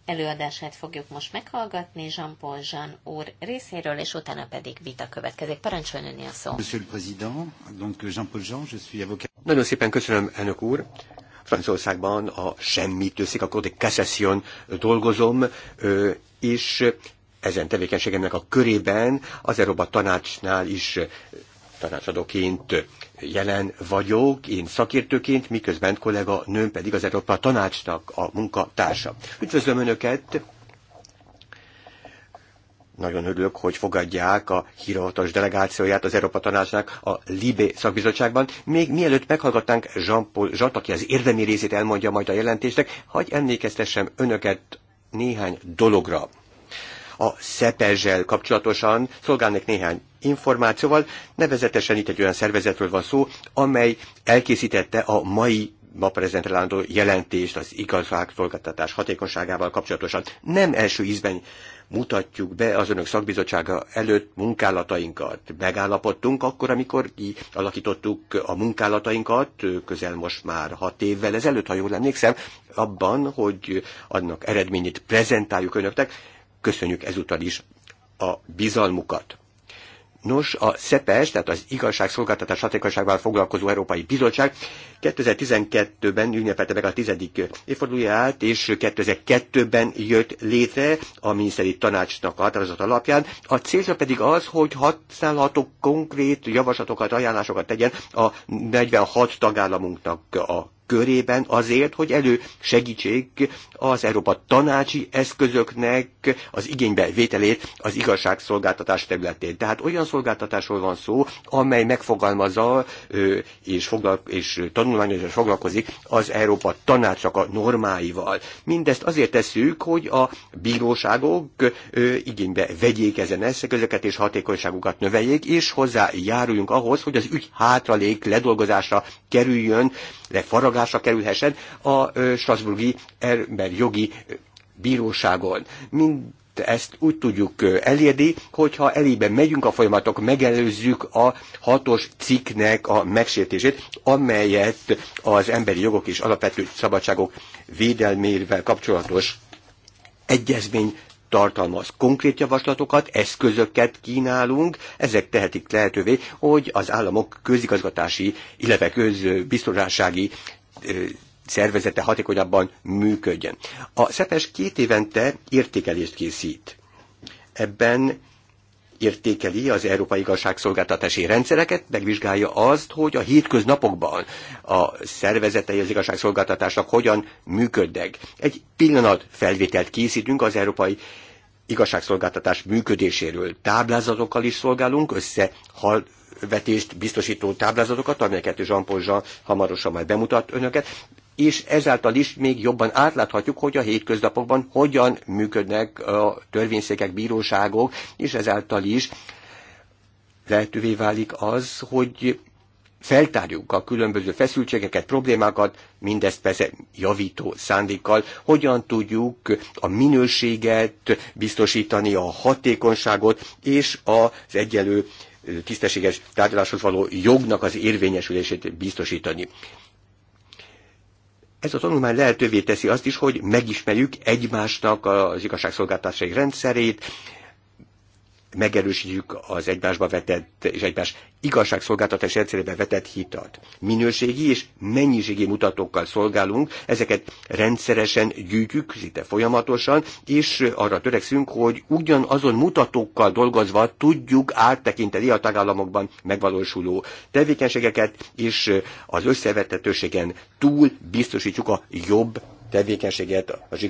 S2: előadását fogjuk most meghallgatni Jean-Paul Jean úr részéről, és utána pedig vita következik. Parancsoljon önni a szó.
S3: Monsieur le Président, donc Jean-Paul Jean, je suis avocat. Nagyon szépen köszönöm, elnök úr. Franciaországban a semmit őszik, akkor egy Cassation dolgozom, és ezen tevékenységemnek a körében az Európa Tanácsnál is tanácsadóként jelen vagyok, én szakértőként, miközben kollega nőm pedig az Európa Tanácsnak a munkatársa. Üdvözlöm Önöket! Nagyon örülök, hogy fogadják a hírhatos delegációját az Európa Tanácsnak a Libé szakbizottságban. Még mielőtt meghallgatnánk Jean-Paul Zsant, aki az érdemi részét elmondja majd a jelentésnek, hagy emlékeztessem önöket néhány dologra. A szepezsel kapcsolatosan szolgálnék néhány információval, nevezetesen itt egy olyan szervezetről van szó, amely elkészítette a mai ma prezentálandó jelentést az igazságszolgáltatás hatékonyságával kapcsolatosan nem első ízben mutatjuk be az önök szakbizottsága előtt munkálatainkat. Megállapodtunk akkor, amikor alakítottuk a munkálatainkat, közel most már hat évvel ezelőtt, ha jól emlékszem, abban, hogy annak eredményét prezentáljuk önöknek. Köszönjük ezúttal is a bizalmukat. Nos, a SZEPES, tehát az Igazságszolgáltatás Hatékonyságával foglalkozó Európai Bizottság 2012-ben ünnepelte meg a tizedik évfordulóját, és 2002-ben jött létre a miniszteri tanácsnak határozat alapján. A célja pedig az, hogy használható konkrét javaslatokat, ajánlásokat tegyen a 46 tagállamunknak a körében azért, hogy elő segítsék az Európa tanácsi eszközöknek az igénybe vételét az igazságszolgáltatás területén. Tehát olyan szolgáltatásról van szó, amely megfogalmazza és, foglal- és tanulmányozás foglalkozik az Európa tanácsak a normáival. Mindezt azért tesszük, hogy a bíróságok igénybe vegyék ezen eszközöket és hatékonyságukat növeljék, és hozzájáruljunk ahhoz, hogy az ügy hátralék ledolgozásra kerüljön, lefarag megfontolásra kerülhessen a Strasburgi emberjogi bíróságon. Mind ezt úgy tudjuk elérni, hogyha elébe megyünk a folyamatok, megelőzzük a hatos cikknek a megsértését, amelyet az emberi jogok és alapvető szabadságok védelmével kapcsolatos egyezmény tartalmaz konkrét javaslatokat, eszközöket kínálunk, ezek tehetik lehetővé, hogy az államok közigazgatási, illetve közbiztonsági szervezete hatékonyabban működjön. A SZEPES két évente értékelést készít. Ebben értékeli az Európai Igazságszolgáltatási rendszereket, megvizsgálja azt, hogy a hétköznapokban a szervezetei az igazságszolgáltatásnak hogyan működnek. Egy pillanat felvételt készítünk az Európai igazságszolgáltatás működéséről táblázatokkal is szolgálunk, össze vetést biztosító táblázatokat, amelyeket Jean Paul hamarosan majd bemutat önöket, és ezáltal is még jobban átláthatjuk, hogy a hétköznapokban hogyan működnek a törvényszékek, bíróságok, és ezáltal is lehetővé válik az, hogy feltárjuk a különböző feszültségeket, problémákat, mindezt persze javító szándékkal, hogyan tudjuk a minőséget biztosítani, a hatékonyságot és az egyelő tisztességes tárgyaláshoz való jognak az érvényesülését biztosítani. Ez a tanulmány lehetővé teszi azt is, hogy megismerjük egymásnak az igazságszolgáltatási rendszerét, megerősítjük az egymásba vetett és egymás igazságszolgáltatás rendszerébe vetett hitat. Minőségi és mennyiségi mutatókkal szolgálunk, ezeket rendszeresen gyűjtjük, szinte folyamatosan, és arra törekszünk, hogy ugyanazon mutatókkal dolgozva tudjuk áttekinteni a tagállamokban megvalósuló tevékenységeket, és az összevetetőségen túl biztosítjuk a jobb tevékenységet az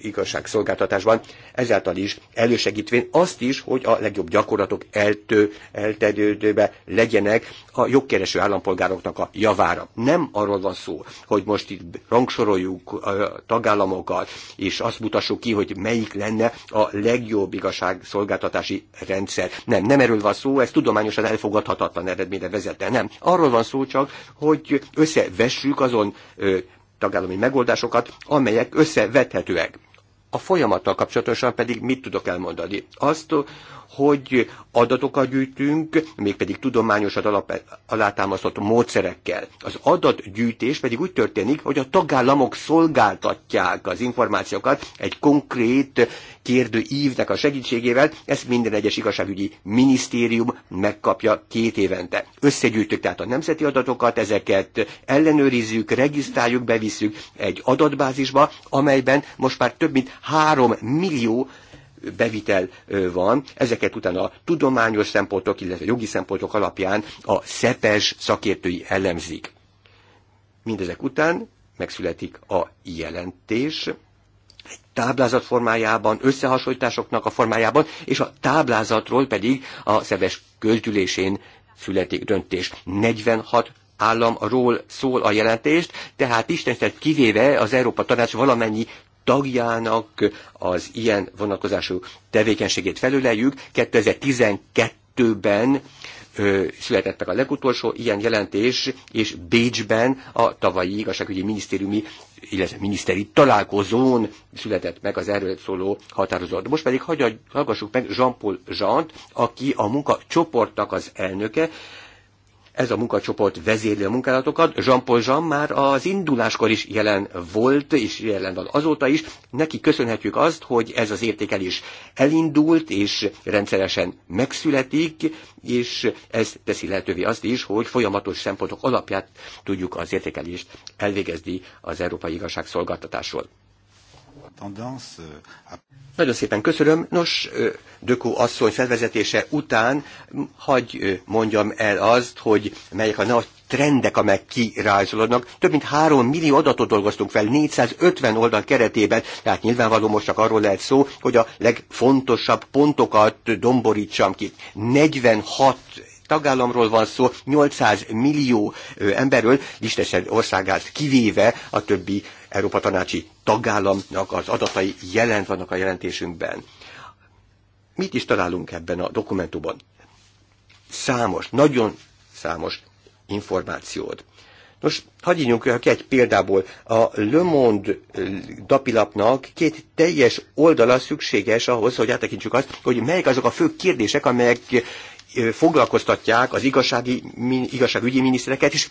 S3: igazságszolgáltatásban, ezáltal is elősegítvén azt is, hogy a legjobb gyakorlatok eltő, elterjedőbe legyenek a jogkereső állampolgároknak a javára. Nem arról van szó, hogy most itt rangsoroljuk a tagállamokat, és azt mutassuk ki, hogy melyik lenne a legjobb igazságszolgáltatási rendszer. Nem, nem erről van szó, ez tudományosan elfogadhatatlan eredményre vezetne. nem. Arról van szó csak, hogy összevessük azon tagállami megoldásokat, amelyek összevethetőek. A folyamattal kapcsolatosan pedig mit tudok elmondani? Azt, hogy adatokat gyűjtünk, mégpedig tudományos alap, alátámasztott módszerekkel. Az adatgyűjtés pedig úgy történik, hogy a tagállamok szolgáltatják az információkat egy konkrét kérdőívnek a segítségével, ezt minden egyes igazságügyi minisztérium megkapja két évente. Összegyűjtjük tehát a nemzeti adatokat, ezeket ellenőrizzük, regisztráljuk, bevisszük egy adatbázisba, amelyben most már több mint három millió bevitel van, ezeket utána tudományos szempontok, illetve jogi szempontok alapján a szepes szakértői elemzik. Mindezek után megszületik a jelentés, egy táblázat formájában, összehasonlításoknak a formájában, és a táblázatról pedig a szeves közgyűlésén születik döntés. 46 államról szól a jelentést, tehát Isten kivéve az Európa Tanács valamennyi tagjának az ilyen vonatkozású tevékenységét felüleljük. 2012-ben született meg a legutolsó ilyen jelentés, és Bécsben a tavalyi igazságügyi minisztériumi, illetve miniszteri találkozón született meg az erről szóló határozat. Most pedig hallgassuk meg Jean-Paul Jean-t, aki a munkacsoportnak az elnöke, ez a munkacsoport vezérli a munkálatokat. Jean-Paul Jean már az induláskor is jelen volt, és jelen van azóta is. Neki köszönhetjük azt, hogy ez az értékelés elindult, és rendszeresen megszületik, és ez teszi lehetővé azt is, hogy folyamatos szempontok alapját tudjuk az értékelést elvégezni az Európai Igazságszolgáltatásról. Euh, Nagyon szépen köszönöm. Nos, Dökó asszony felvezetése után hagy mondjam el azt, hogy melyek a nagy trendek, amelyek kirajzolódnak. Több mint három millió adatot dolgoztunk fel 450 oldal keretében, tehát nyilvánvaló most csak arról lehet szó, hogy a legfontosabb pontokat domborítsam ki. 46 tagállamról van szó, 800 millió emberről, Listesen országát kivéve a többi Európa tanácsi tagállamnak az adatai jelent vannak a jelentésünkben. Mit is találunk ebben a dokumentumban? Számos, nagyon számos információt. Nos, hagyjunk ki egy példából. A Le Monde dapilapnak két teljes oldala szükséges ahhoz, hogy áttekintsük azt, hogy melyek azok a fő kérdések, amelyek foglalkoztatják az igazsági, igazságügyi minisztereket és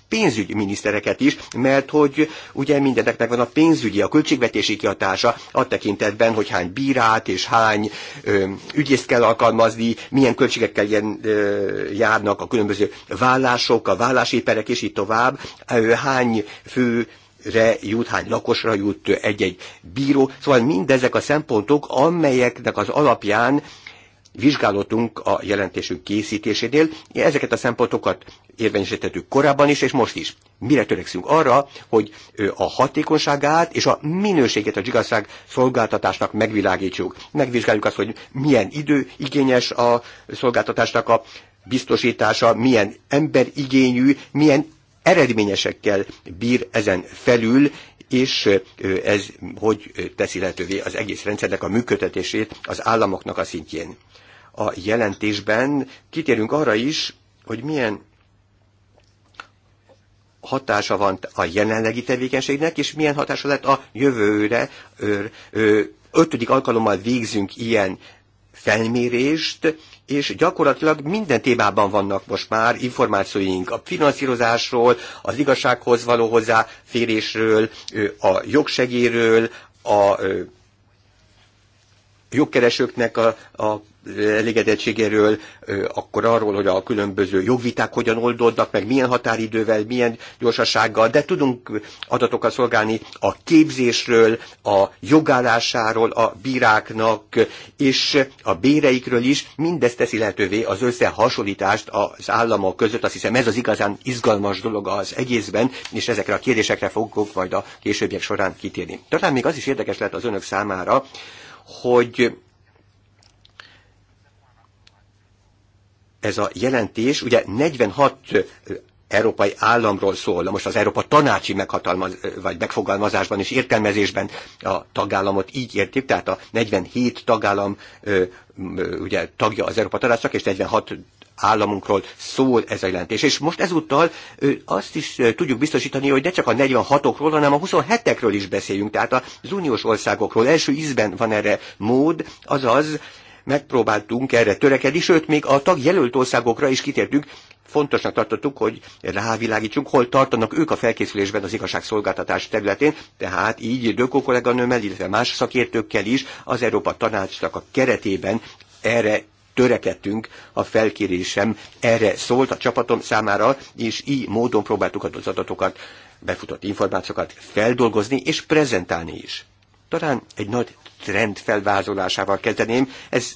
S3: minisztereket is, mert hogy ugye mindenek megvan a pénzügyi, a költségvetési kihatása a tekintetben, hogy hány bírát és hány ö, ügyészt kell alkalmazni, milyen költségekkel ilyen, ö, járnak a különböző vállások, a válláséperek és így tovább, ö, hány fő re jut, hány lakosra jut egy-egy bíró. Szóval mindezek a szempontok, amelyeknek az alapján vizsgálatunk a jelentésünk készítésénél. Ezeket a szempontokat érvényesítettük korábban is, és most is. Mire törekszünk? Arra, hogy a hatékonyságát és a minőségét a gigazság szolgáltatásnak megvilágítsuk. Megvizsgáljuk azt, hogy milyen idő igényes a szolgáltatásnak a biztosítása, milyen emberigényű, milyen eredményesekkel bír ezen felül, és ez hogy teszi lehetővé az egész rendszernek a működtetését az államoknak a szintjén a jelentésben kitérünk arra is, hogy milyen hatása van a jelenlegi tevékenységnek, és milyen hatása lett a jövőre. Ötödik alkalommal végzünk ilyen felmérést, és gyakorlatilag minden témában vannak most már információink a finanszírozásról, az igazsághoz való hozzáférésről, a jogsegéről, a jogkeresőknek a, a elégedettségéről, akkor arról, hogy a különböző jogviták hogyan oldódnak, meg milyen határidővel, milyen gyorsasággal, de tudunk adatokat szolgálni a képzésről, a jogállásáról, a bíráknak, és a béreikről is, mindezt teszi lehetővé az összehasonlítást az államok között. Azt hiszem ez az igazán izgalmas dolog az egészben, és ezekre a kérdésekre fogok majd a későbbiek során kitérni. Talán még az is érdekes lehet az önök számára, hogy ez a jelentés ugye 46 európai államról szól, most az Európa tanácsi meghatalmaz, vagy megfogalmazásban és értelmezésben a tagállamot így értik, tehát a 47 tagállam ugye tagja az Európa tanácsnak, és 46 államunkról szól ez a jelentés. És most ezúttal azt is tudjuk biztosítani, hogy ne csak a 46-okról, hanem a 27-ekről is beszéljünk, tehát az uniós országokról. Első ízben van erre mód, azaz megpróbáltunk erre törekedni, sőt, még a jelölt országokra is kitértünk, fontosnak tartottuk, hogy rávilágítsunk, hol tartanak ők a felkészülésben az igazságszolgáltatás területén, tehát így Dökó kolléganőmmel, illetve más szakértőkkel is az Európa Tanácsnak a keretében erre törekedtünk, a felkérésem erre szólt a csapatom számára, és így módon próbáltuk az adatokat, befutott információkat feldolgozni és prezentálni is. Talán egy nagy trend felvázolásával kezdeném. Ez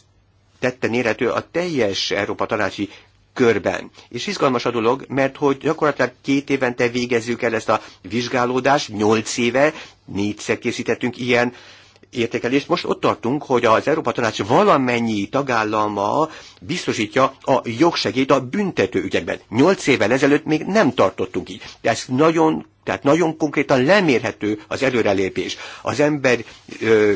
S3: tetten érhető a teljes Európa tanácsi körben. És izgalmas a dolog, mert hogy gyakorlatilag két évente végezzük el ezt a vizsgálódást, nyolc éve, négyszer készítettünk ilyen értékelést. Most ott tartunk, hogy az Európa Tanács valamennyi tagállama biztosítja a jogsegét a büntető ügyekben. Nyolc évvel ezelőtt még nem tartottunk így. De ez nagyon, tehát nagyon konkrétan lemérhető az előrelépés. Az ember ö,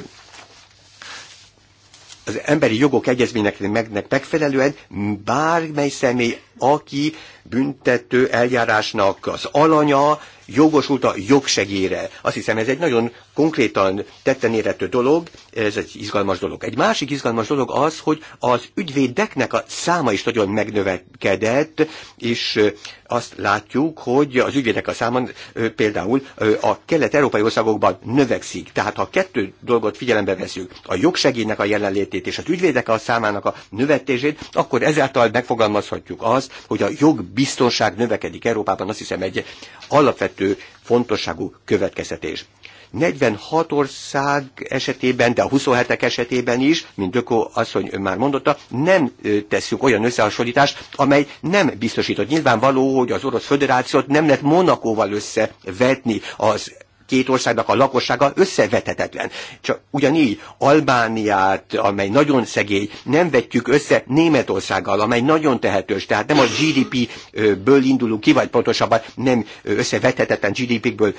S3: az emberi jogok egyezménynek megnek megfelelően bármely személy, aki büntető eljárásnak az alanya, jogosult a jogsegére. Azt hiszem, ez egy nagyon konkrétan tetten érhető dolog, ez egy izgalmas dolog. Egy másik izgalmas dolog az, hogy az ügyvédeknek a száma is nagyon megnövekedett, és azt látjuk, hogy az ügyvédek a száma például a kelet-európai országokban növekszik. Tehát ha kettő dolgot figyelembe veszünk, a jogsegélynek a jelenlétét és az ügyvédek a számának a növetését, akkor ezáltal megfogalmazhatjuk azt, hogy a jogbiztonság növekedik Európában, azt hiszem egy alapvető fontosságú következtetés. 46 ország esetében, de a 27-ek esetében is, mint Döko asszony ön már mondotta, nem teszünk olyan összehasonlítást, amely nem biztosított. Nyilvánvaló, hogy az Orosz Föderációt nem lehet Monakóval összevetni az két országnak a lakossága összevethetetlen. Csak ugyanígy Albániát, amely nagyon szegény, nem vetjük össze Németországgal, amely nagyon tehetős, tehát nem a GDP-ből indulunk ki, vagy pontosabban nem összevethetetlen GDP-ből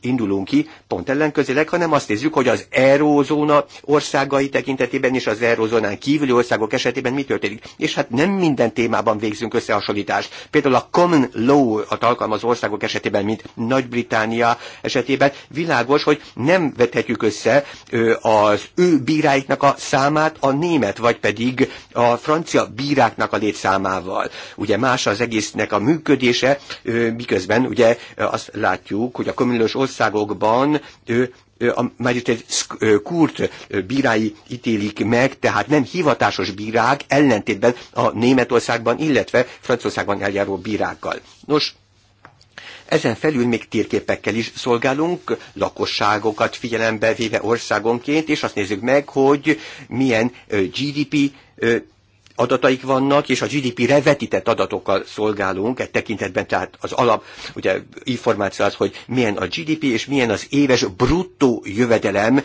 S3: indulunk ki, pont ellenközileg, hanem azt nézzük, hogy az eurózóna országai tekintetében és az eurózónán kívüli országok esetében mi történik. És hát nem minden témában végzünk összehasonlítást. Például a common law-at alkalmazó országok esetében, mint Nagy-Britannia esetében, tekintetében világos, hogy nem vethetjük össze az ő bíráiknak a számát a német, vagy pedig a francia bíráknak a létszámával. Ugye más az egésznek a működése, miközben ugye azt látjuk, hogy a kommunális országokban a Magistrate Kurt bírái ítélik meg, tehát nem hivatásos bírák ellentétben a Németországban, illetve Franciaországban eljáró bírákkal. Nos, ezen felül még térképekkel is szolgálunk, lakosságokat figyelembe véve országonként, és azt nézzük meg, hogy milyen GDP adataik vannak, és a GDP-re vetített adatokkal szolgálunk, egy tekintetben tehát az alap ugye, információ az, hogy milyen a GDP, és milyen az éves bruttó jövedelem,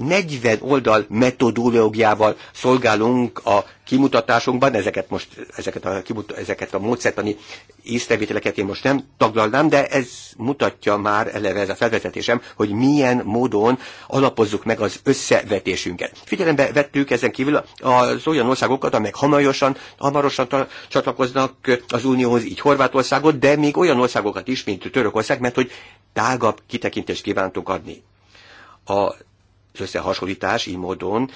S3: 40 oldal metodológiával szolgálunk a kimutatásunkban, ezeket most, ezeket a, kimut, ezeket a módszertani észrevételeket én most nem taglalnám, de ez mutatja már eleve ez a felvezetésem, hogy milyen módon alapozzuk meg az összevetésünket. Figyelembe vettük ezen kívül az olyan országokat, amelyek hamarosan, hamarosan csatlakoznak az Unióhoz, így Horvátországot, de még olyan országokat is, mint Törökország, mert hogy tágabb kitekintést kívántunk adni. A az összehasonlítás így módon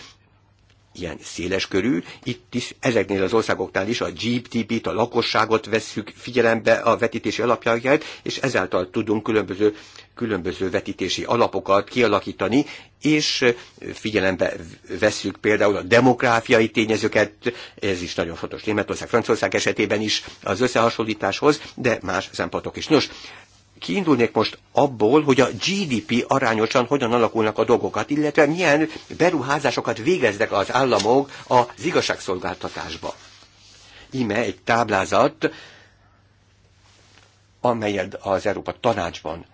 S3: ilyen széles körül. Itt is, ezeknél az országoknál is a GDP-t, a lakosságot vesszük figyelembe a vetítési alapjait, és ezáltal tudunk különböző, különböző vetítési alapokat kialakítani, és figyelembe vesszük például a demográfiai tényezőket, ez is nagyon fontos Németország, Franciaország esetében is az összehasonlításhoz, de más szempontok is. Nos, kiindulnék most abból, hogy a GDP arányosan hogyan alakulnak a dolgokat, illetve milyen beruházásokat végeznek az államok az igazságszolgáltatásba. Ime egy táblázat, amelyet az Európa Tanácsban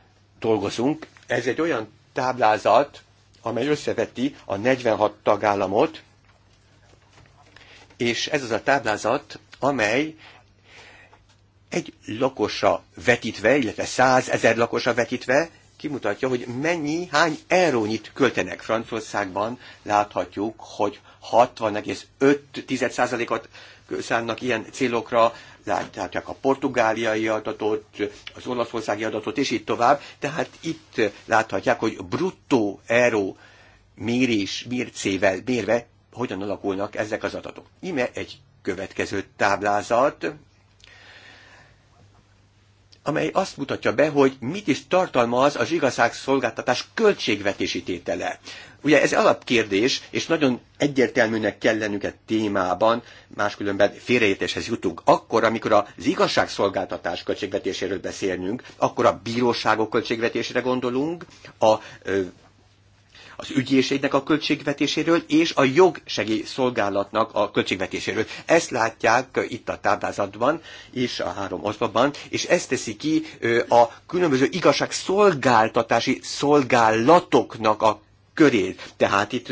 S3: dolgozunk. Ez egy olyan táblázat, amely összeveti a 46 tagállamot, és ez az a táblázat, amely egy lakosa vetítve, illetve százezer lakosa vetítve kimutatja, hogy mennyi, hány eurónyit költenek. Franciaországban láthatjuk, hogy 60,5%-at szánnak ilyen célokra, látják a portugáliai adatot, az olaszországi adatot, és így tovább. Tehát itt láthatják, hogy bruttó euró mérés, mércével mérve hogyan alakulnak ezek az adatok. Ime egy következő táblázat, amely azt mutatja be, hogy mit is tartalmaz az igazságszolgáltatás költségvetési tétele. Ugye ez alapkérdés, és nagyon egyértelműnek kell lennünk egy témában, máskülönben félreértéshez jutunk. Akkor, amikor az igazságszolgáltatás költségvetéséről beszélünk, akkor a bíróságok költségvetésére gondolunk, a az ügyészségnek a költségvetéséről és a jogsegély szolgálatnak a költségvetéséről. Ezt látják itt a táblázatban és a három oszlopban, és ezt teszi ki a különböző igazságszolgáltatási szolgálatoknak a körét. Tehát itt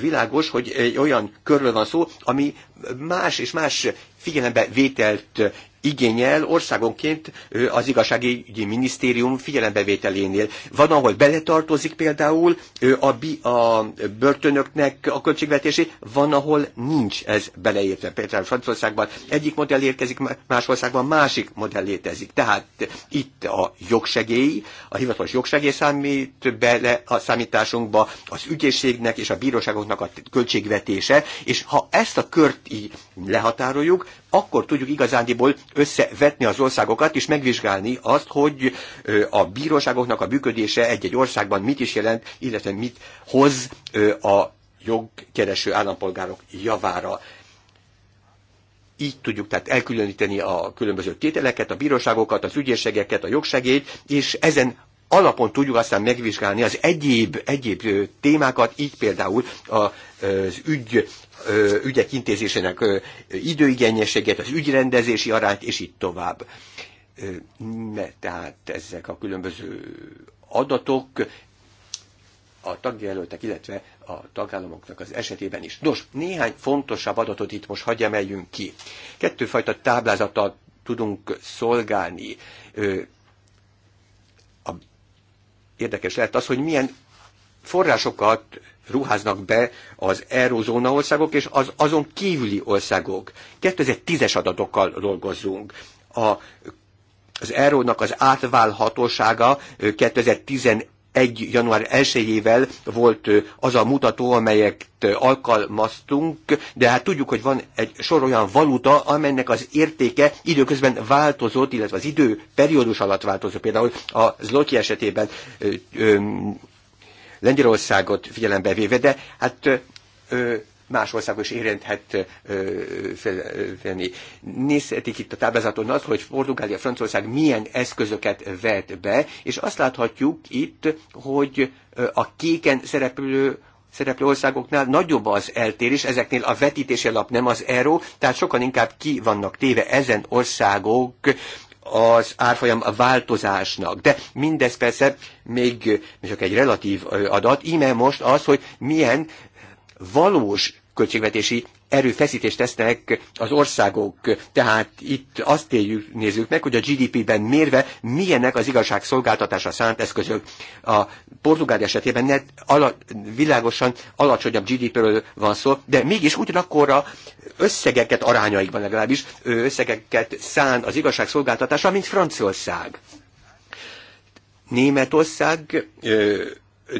S3: világos, hogy olyan körről van szó, ami más és más figyelembe vételt igényel országonként az igazságügyi minisztérium figyelembevételénél. Van, ahol beletartozik például a, bi, a börtönöknek a költségvetésé, van, ahol nincs ez beleértve. Például Franciaországban egyik modell érkezik, más országban másik modell létezik. Tehát itt a jogsegély, a hivatalos jogsegély számít bele a számításunkba az ügyészségnek és a bíróságoknak a költségvetése, és ha ezt a kört így lehatároljuk, akkor tudjuk igazándiból összevetni az országokat, és megvizsgálni azt, hogy a bíróságoknak a működése egy-egy országban mit is jelent, illetve mit hoz a jogkereső állampolgárok javára így tudjuk tehát elkülöníteni a különböző tételeket, a bíróságokat, az ügyészségeket, a jogsegélyt, és ezen alapon tudjuk aztán megvizsgálni az egyéb, egyéb témákat, így például az ügy, ügyek intézésének időigényességet, az ügyrendezési arányt, és így tovább. ne tehát ezek a különböző adatok a tagjelöltek, illetve a tagállamoknak az esetében is. Nos, néhány fontosabb adatot itt most hagyj emeljünk ki. Kettőfajta táblázattal tudunk szolgálni érdekes lehet az, hogy milyen forrásokat ruháznak be az eurozóna országok és az azon kívüli országok. 2010-es adatokkal dolgozzunk. A az eurónak az átválhatósága 2010. 1. január 1-ével volt az a mutató, amelyet alkalmaztunk, de hát tudjuk, hogy van egy sor olyan valuta, amelynek az értéke időközben változott, illetve az idő periódus alatt változott. Például a zloty esetében ö, ö, Lengyelországot figyelembe véve, de hát ö, más országos érinthet venni. Nézhetik itt a táblázaton azt, hogy Portugália, Franciaország milyen eszközöket vet be, és azt láthatjuk itt, hogy a kéken szereplő szereplő országoknál nagyobb az eltérés, ezeknél a vetítési alap nem az euró, tehát sokan inkább ki vannak téve ezen országok az árfolyam változásnak. De mindez persze még csak egy relatív adat, íme most az, hogy milyen valós költségvetési erőfeszítést tesznek az országok. Tehát itt azt éljük, nézzük meg, hogy a GDP-ben mérve milyenek az igazságszolgáltatása szánt eszközök. A portugál esetében net, ala, világosan alacsonyabb GDP-ről van szó, de mégis ugyanakkor összegeket arányaikban legalábbis összegeket szán az igazságszolgáltatásra, mint Franciaország. Németország ö,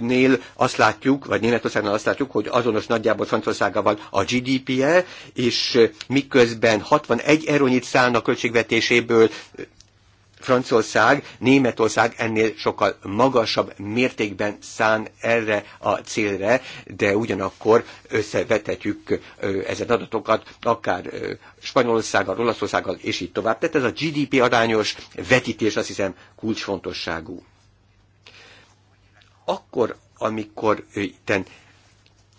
S3: nél azt látjuk, vagy Németországnál azt látjuk, hogy azonos nagyjából van a GDP-je, és miközben 61 szállna a költségvetéséből Franciaország, Németország ennél sokkal magasabb mértékben szán erre a célre, de ugyanakkor összevetetjük ezen adatokat, akár Spanyolországgal, Olaszországgal, és így tovább. Tehát ez a GDP arányos vetítés azt hiszem kulcsfontosságú akkor, amikor itten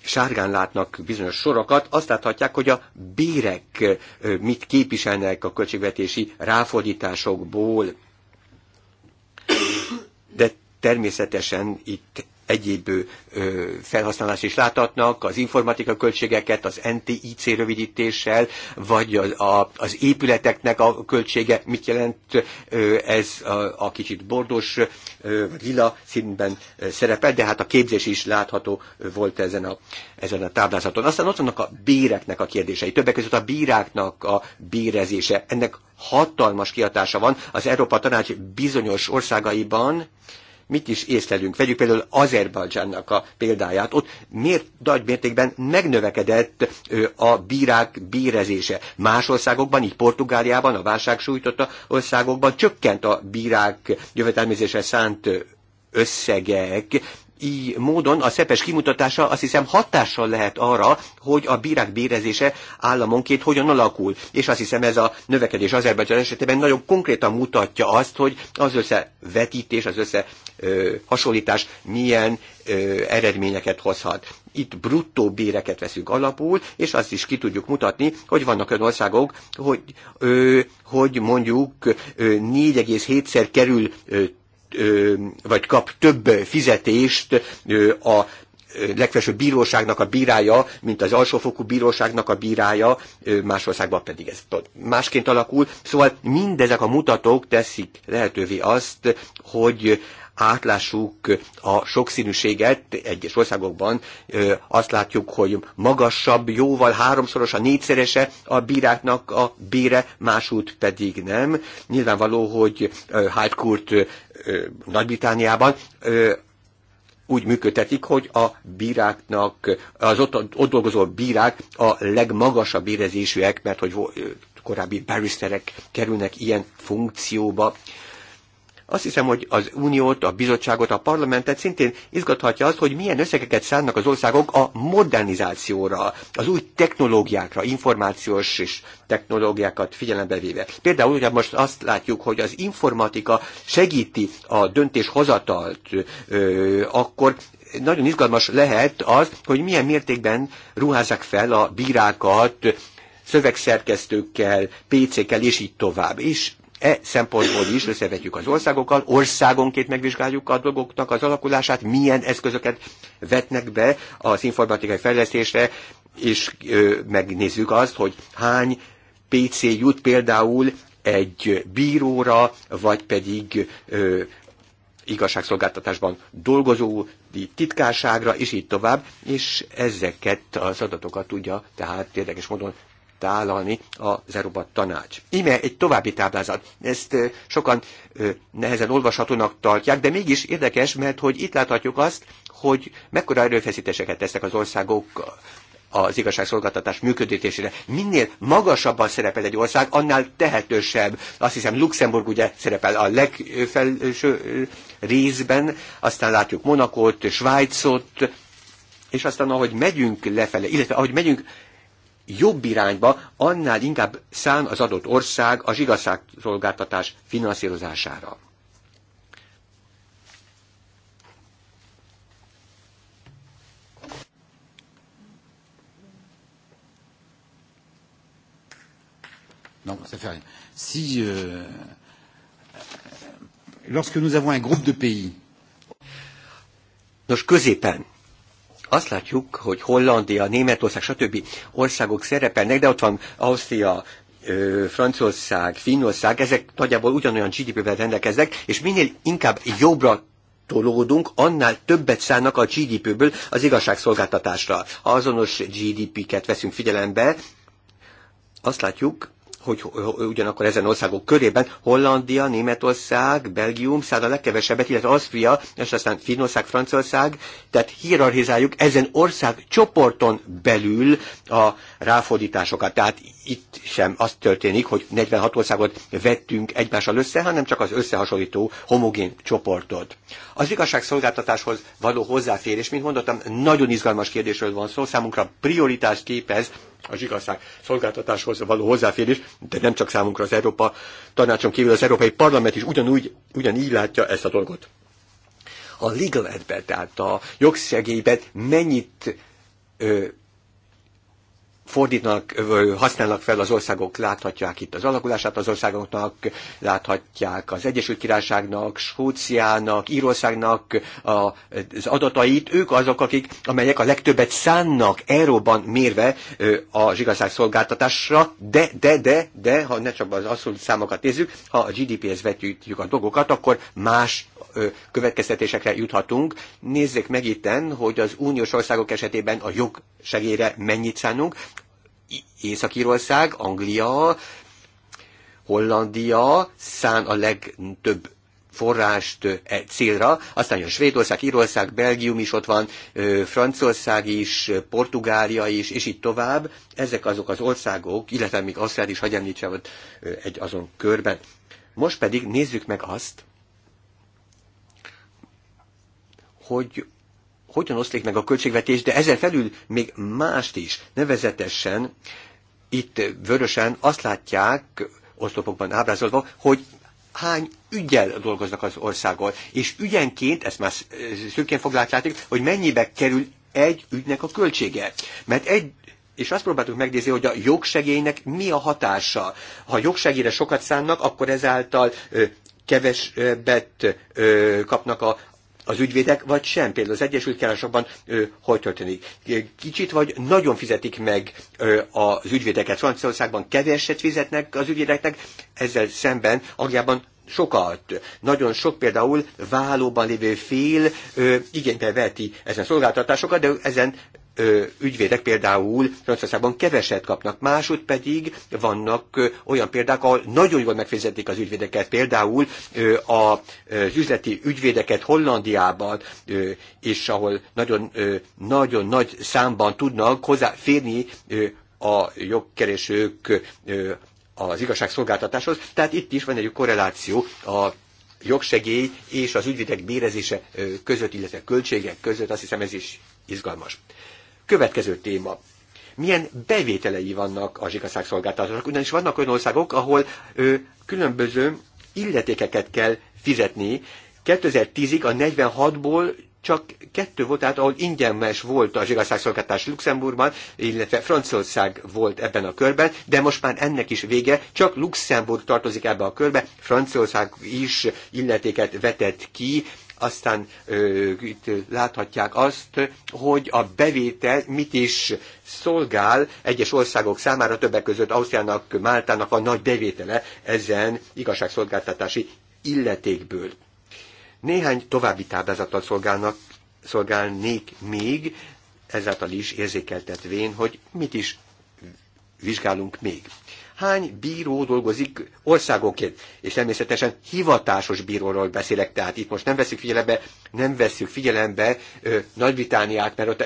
S3: sárgán látnak bizonyos sorokat, azt láthatják, hogy a bérek mit képviselnek a költségvetési ráfordításokból. De természetesen itt egyéb felhasználás is láthatnak, az informatika költségeket az NTIC rövidítéssel, vagy a, a, az épületeknek a költsége, mit jelent ez a, a kicsit bordos vagy lila színben szerepel, de hát a képzés is látható volt ezen a, ezen a táblázaton. Aztán ott vannak a béreknek a kérdései, többek között a bíráknak a bérezése. Ennek hatalmas kiadása van az Európa Tanács bizonyos országaiban, mit is észlelünk. Vegyük például Azerbajdzsánnak a példáját. Ott miért nagy mértékben megnövekedett a bírák bírezése? Más országokban, így Portugáliában, a válság sújtotta országokban csökkent a bírák jövetelmezése szánt összegek, így módon a szepes kimutatása azt hiszem hatással lehet arra, hogy a bírák bérezése államonként hogyan alakul. És azt hiszem ez a növekedés Azerbajdzsán esetében nagyon konkrétan mutatja azt, hogy az összevetítés, az össze ö, hasonlítás milyen ö, eredményeket hozhat. Itt bruttó béreket veszünk alapul, és azt is ki tudjuk mutatni, hogy vannak olyan országok, hogy, ö, hogy mondjuk 4,7-szer kerül ö, vagy kap több fizetést a legfelsőbb bíróságnak a bírája, mint az alsófokú bíróságnak a bírája, más országban pedig ez másként alakul. Szóval mindezek a mutatók teszik lehetővé azt, hogy átlássuk a sokszínűséget egyes országokban, azt látjuk, hogy magasabb, jóval háromszoros, a négyszerese a bíráknak a bére, másút pedig nem. Nyilvánvaló, hogy High Court Nagy-Britániában úgy működtetik, hogy a bíráknak, az ott, ott dolgozó bírák a legmagasabb érezésűek, mert hogy korábbi barristerek kerülnek ilyen funkcióba. Azt hiszem, hogy az uniót, a bizottságot, a parlamentet szintén izgathatja az, hogy milyen összegeket szánnak az országok a modernizációra, az új technológiákra, információs és technológiákat figyelembe véve. Például ugye most azt látjuk, hogy az informatika segíti a döntéshozatalt, ö, akkor nagyon izgalmas lehet az, hogy milyen mértékben ruházzák fel a bírákat, szövegszerkesztőkkel, PC-kkel, és így tovább. És E szempontból is összevetjük az országokkal, országonként megvizsgáljuk a dolgoknak az alakulását, milyen eszközöket vetnek be az informatikai fejlesztésre, és ö, megnézzük azt, hogy hány PC jut például egy bíróra, vagy pedig ö, igazságszolgáltatásban dolgozó titkárságra, és így tovább, és ezeket az adatokat tudja tehát érdekes módon tálalni a Európa Tanács. Íme egy további táblázat. Ezt sokan nehezen olvashatónak tartják, de mégis érdekes, mert hogy itt láthatjuk azt, hogy mekkora erőfeszítéseket tesznek az országok az igazságszolgáltatás működésére. Minél magasabban szerepel egy ország, annál tehetősebb. Azt hiszem Luxemburg ugye szerepel a legfelső részben, aztán látjuk Monakot, Svájcot, és aztán ahogy megyünk lefele, illetve ahogy megyünk jobb irányba, annál inkább szán az adott ország a zsigaszolgáltatás finanszírozására. Non, ça fait rien. Si, euh, lorsque nous avons un groupe de pays. Nos középen azt látjuk, hogy Hollandia, Németország, stb. országok szerepelnek, de ott van Ausztria, Franciaország, Finnország, ezek nagyjából ugyanolyan GDP-vel rendelkeznek, és minél inkább jobbra tolódunk, annál többet szállnak a GDP-ből az igazságszolgáltatásra. Ha azonos GDP-ket veszünk figyelembe, azt látjuk, hogy ugyanakkor ezen országok körében Hollandia, Németország, Belgium száll a legkevesebbet, illetve Ausztria, és aztán Finnország, Franciaország, tehát hierarchizáljuk ezen ország csoporton belül a ráfordításokat. Tehát itt sem az történik, hogy 46 országot vettünk egymással össze, hanem csak az összehasonlító homogén csoportot. Az igazságszolgáltatáshoz való hozzáférés, mint mondottam, nagyon izgalmas kérdésről van szó, számunkra prioritást képez az igazság szolgáltatáshoz való hozzáférés, de nem csak számunkra az Európa tanácson kívül az Európai Parlament is ugyanúgy, ugyanígy látja ezt a dolgot. A legal edben, tehát a jogsegélyben mennyit ö, fordítanak, használnak fel az országok, láthatják itt az alakulását az országoknak, láthatják az Egyesült Királyságnak, Skóciának, Írországnak az adatait. Ők azok, akik, amelyek a legtöbbet szánnak euróban mérve a szolgáltatásra, de, de, de, de, ha ne csak az asszony számokat nézzük, ha a GDP-hez vetjük a dolgokat, akkor más következtetésekre juthatunk. Nézzék meg itten, hogy az uniós országok esetében a jogsegélyre mennyit szánunk, Észak-Írország, Anglia, Hollandia szán a legtöbb forrást e célra, aztán jön Svédország, Írország, Belgium is ott van, Franciaország is, Portugália is, és így tovább. Ezek azok az országok, illetve még Ausztrál is hagy említsem egy azon körben. Most pedig nézzük meg azt, hogy hogyan oszlik meg a költségvetés, de ezen felül még mást is, nevezetesen itt vörösen azt látják, oszlopokban ábrázolva, hogy hány ügyel dolgoznak az országgal, és ügyenként, ezt már szürkén foglalt látni, hogy mennyibe kerül egy ügynek a költsége. Mert egy és azt próbáltuk megnézni, hogy a jogsegélynek mi a hatása. Ha jogsegélyre sokat szánnak, akkor ezáltal kevesebbet kapnak a, az ügyvédek, vagy sem. Például az Egyesült Királyságban hogy történik? Kicsit vagy nagyon fizetik meg ö, az ügyvédeket. Franciaországban keveset fizetnek az ügyvédeknek, ezzel szemben Angliában sokat. Nagyon sok például vállóban lévő fél ö, igénybe veti ezen szolgáltatásokat, de ezen ügyvédek például Franciaországban keveset kapnak, másod pedig vannak olyan példák, ahol nagyon jól megfizetik az ügyvédeket, például az üzleti ügyvédeket Hollandiában, és ahol nagyon, nagyon nagy számban tudnak hozzáférni a jogkeresők az igazságszolgáltatáshoz. Tehát itt is van egy korreláció a jogsegély és az ügyvédek bérezése között, illetve költségek között, azt hiszem ez is izgalmas. Következő téma. Milyen bevételei vannak az igazságszolgáltatásnak? Ugyanis vannak olyan országok, ahol ö, különböző illetékeket kell fizetni. 2010-ig a 46-ból csak kettő volt, tehát ahol ingyenes volt az igazságszolgáltatás Luxemburgban, illetve Franciaország volt ebben a körben, de most már ennek is vége, csak Luxemburg tartozik ebbe a körbe, Franciaország is illetéket vetett ki aztán ö, itt láthatják azt, hogy a bevétel mit is szolgál egyes országok számára, többek között Ausztriának, Máltának a nagy bevétele ezen igazságszolgáltatási illetékből. Néhány további táblázattal szolgálnak, szolgálnék még, ezáltal is érzékeltetvén, hogy mit is vizsgálunk még hány bíró dolgozik országonként. És természetesen hivatásos bíróról beszélek, tehát itt most nem veszik figyelembe nem veszük figyelembe Nagy-Britániát, mert ott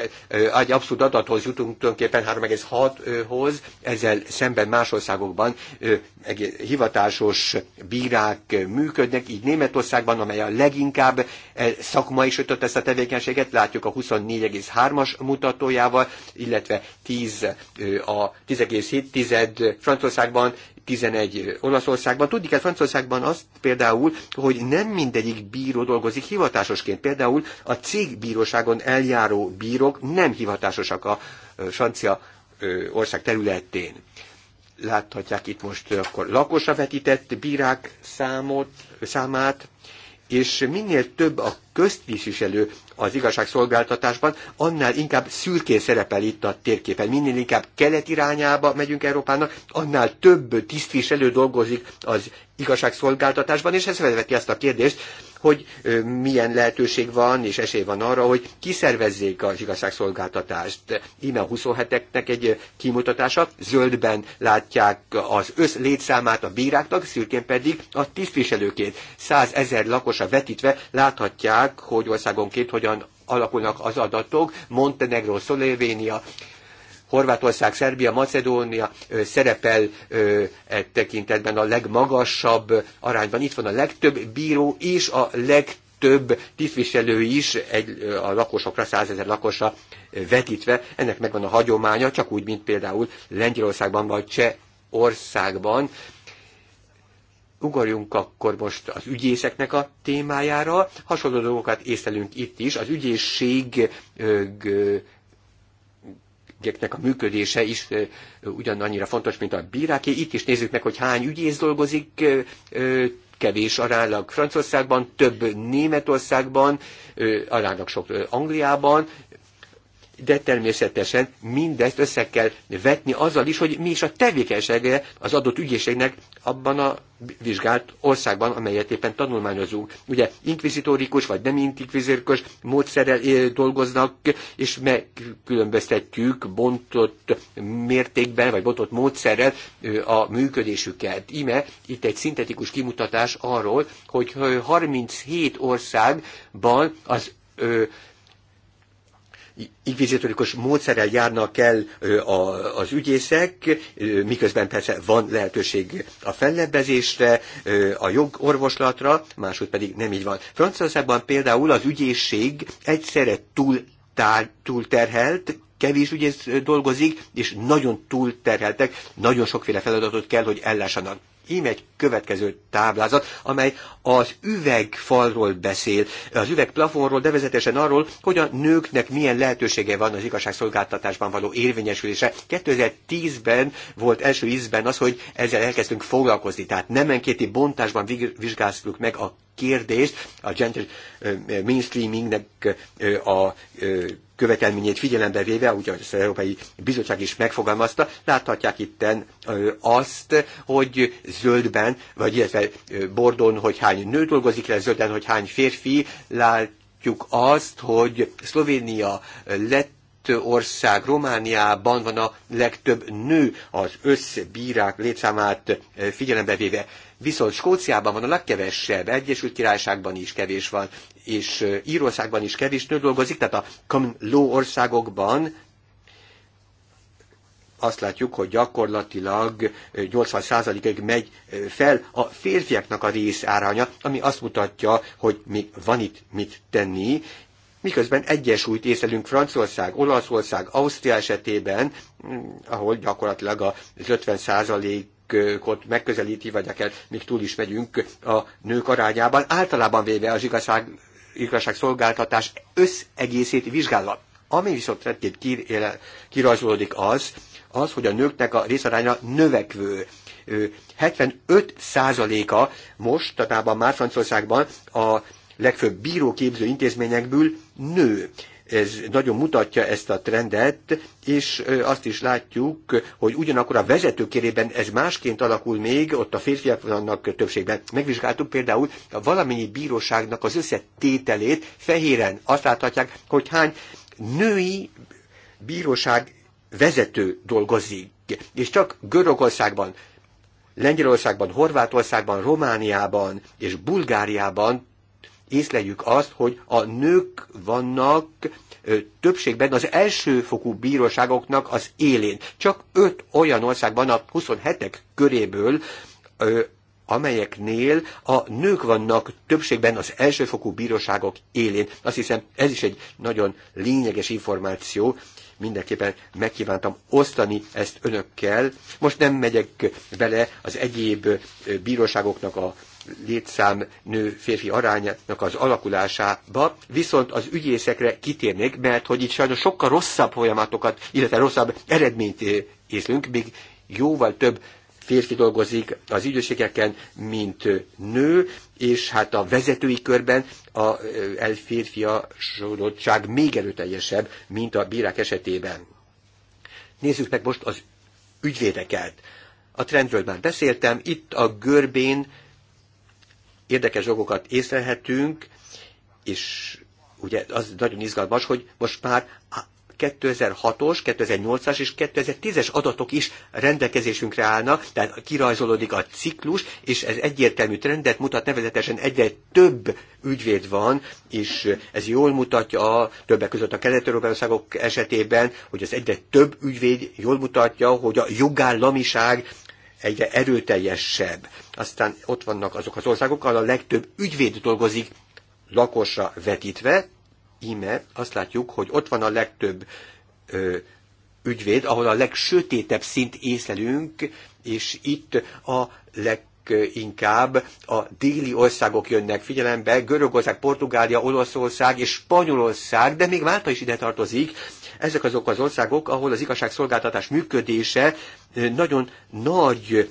S3: egy abszolút adathoz jutunk tulajdonképpen 3,6-hoz, ezzel szemben más országokban hivatásos bírák működnek, így Németországban, amely a leginkább szakmai sütött ezt a tevékenységet, látjuk a 24,3-as mutatójával, illetve 10 a 10,7 Franciaországban 11 Olaszországban. Tudni kell Franciaországban azt például, hogy nem mindegyik bíró dolgozik hivatásosként. Például a cégbíróságon eljáró bírók nem hivatásosak a francia ország területén. Láthatják itt most akkor lakosra vetített bírák számot, számát, és minél több a köztviselő az igazságszolgáltatásban, annál inkább szürkén szerepel itt a térképen. Minél inkább kelet irányába megyünk Európának, annál több tisztviselő dolgozik az igazságszolgáltatásban, és ez felveti azt a kérdést, hogy milyen lehetőség van és esély van arra, hogy kiszervezzék az igazságszolgáltatást. Íme a 27-eknek egy kimutatása, zöldben látják az össz létszámát a bíráknak, szürkén pedig a tisztviselőkét. 100 ezer lakosa vetítve láthatják, látják, hogy országonként hogyan alakulnak az adatok. Montenegro, Szolévénia, Horvátország, Szerbia, Macedónia szerepel e tekintetben a legmagasabb arányban. Itt van a legtöbb bíró és a legtöbb tisztviselő is egy, a lakosokra, százezer lakosra vetítve. Ennek megvan a hagyománya, csak úgy, mint például Lengyelországban vagy Csehországban. országban ugorjunk akkor most az ügyészeknek a témájára. Hasonló dolgokat észlelünk itt is. Az ügyészség ügyeknek a működése is ugyanannyira fontos, mint a bíráké. Itt is nézzük meg, hogy hány ügyész dolgozik, kevés aránylag Franciaországban, több Németországban, aránylag sok Angliában, de természetesen mindezt össze kell vetni azzal is, hogy mi is a tevékenysége az adott ügyészségnek abban a vizsgált országban, amelyet éppen tanulmányozunk. Ugye inkvizitórikus vagy nem inkvizitórikus módszerrel eh, dolgoznak, és megkülönböztetjük bontott mértékben, vagy bontott módszerrel eh, a működésüket. Ime itt egy szintetikus kimutatás arról, hogy 37 országban az eh, inkvizitorikus módszerrel járnak el az ügyészek, miközben persze van lehetőség a fellebbezésre, a jogorvoslatra, máshogy pedig nem így van. Franciaországban például az ügyészség egyszerre túl tár, terhelt, kevés ügyész dolgozik, és nagyon túl terheltek, nagyon sokféle feladatot kell, hogy ellássanak íme egy következő táblázat, amely az üvegfalról beszél, az üvegplafonról, vezetesen arról, hogy a nőknek milyen lehetősége van az igazságszolgáltatásban való érvényesülése. 2010-ben volt első ízben az, hogy ezzel elkezdtünk foglalkozni, tehát nemenkéti bontásban vizsgáztuk meg a kérdést, a gender mainstreamingnek a követelményét figyelembe véve, ahogy az Európai Bizottság is megfogalmazta, láthatják itten azt, hogy zöldben, vagy illetve bordon, hogy hány nő dolgozik le, zöldben, hogy hány férfi, látjuk azt, hogy Szlovénia lett ország Romániában van a legtöbb nő az összbírák létszámát figyelembe véve. Viszont Skóciában van a legkevesebb, Egyesült Királyságban is kevés van, és Írországban is kevés nő dolgozik, tehát a common law országokban azt látjuk, hogy gyakorlatilag 80%-ig megy fel a férfiaknak a részáránya, ami azt mutatja, hogy még van itt mit tenni, miközben egyesült észlelünk Franciaország, Olaszország, Ausztria esetében, mm, ahol gyakorlatilag az 50 nőkot megközelíti, vagy akár még túl is megyünk a nők arányában. Általában véve az igazság, szolgáltatás összegészét vizsgálva, Ami viszont rendkívül kirajzolódik az, az, hogy a nőknek a részaránya növekvő. 75%-a most, tehát már Franciaországban a legfőbb bíróképző intézményekből nő ez nagyon mutatja ezt a trendet, és azt is látjuk, hogy ugyanakkor a vezetőkérében ez másként alakul még, ott a férfiak vannak többségben. Megvizsgáltuk például a valamennyi bíróságnak az összetételét fehéren. Azt láthatják, hogy hány női bíróság vezető dolgozik, és csak Görögországban Lengyelországban, Horvátországban, Romániában és Bulgáriában észleljük azt, hogy a nők vannak többségben az elsőfokú bíróságoknak az élén. Csak öt olyan országban a 27-ek köréből, amelyeknél a nők vannak többségben az elsőfokú bíróságok élén. Azt hiszem, ez is egy nagyon lényeges információ, mindenképpen megkívántam osztani ezt önökkel. Most nem megyek bele az egyéb bíróságoknak a létszám nő férfi arányának az alakulásába, viszont az ügyészekre kitérnék, mert hogy itt sajnos sokkal rosszabb folyamatokat, illetve rosszabb eredményt eh, észlünk, még jóval több férfi dolgozik az ügyészségeken, mint eh, nő, és hát a vezetői körben a eh, elférfiasodottság még erőteljesebb, mint a bírák esetében. Nézzük meg most az ügyvédeket. A trendről már beszéltem, itt a görbén érdekes dolgokat észlelhetünk, és ugye az nagyon izgalmas, hogy most már 2006-os, 2008-as és 2010-es adatok is rendelkezésünkre állnak, tehát kirajzolódik a ciklus, és ez egyértelmű trendet mutat, nevezetesen egyre több ügyvéd van, és ez jól mutatja a többek között a kelet országok esetében, hogy az egyre több ügyvéd jól mutatja, hogy a jogállamiság egyre erőteljesebb. Aztán ott vannak azok az országok, ahol a legtöbb ügyvéd dolgozik lakosra vetítve, íme azt látjuk, hogy ott van a legtöbb ö, ügyvéd, ahol a legsötétebb szint észlelünk, és itt a leginkább a déli országok jönnek figyelembe, Görögország, Portugália, Olaszország és Spanyolország, de még Málta is ide tartozik, ezek azok az országok, ahol az igazságszolgáltatás működése nagyon nagy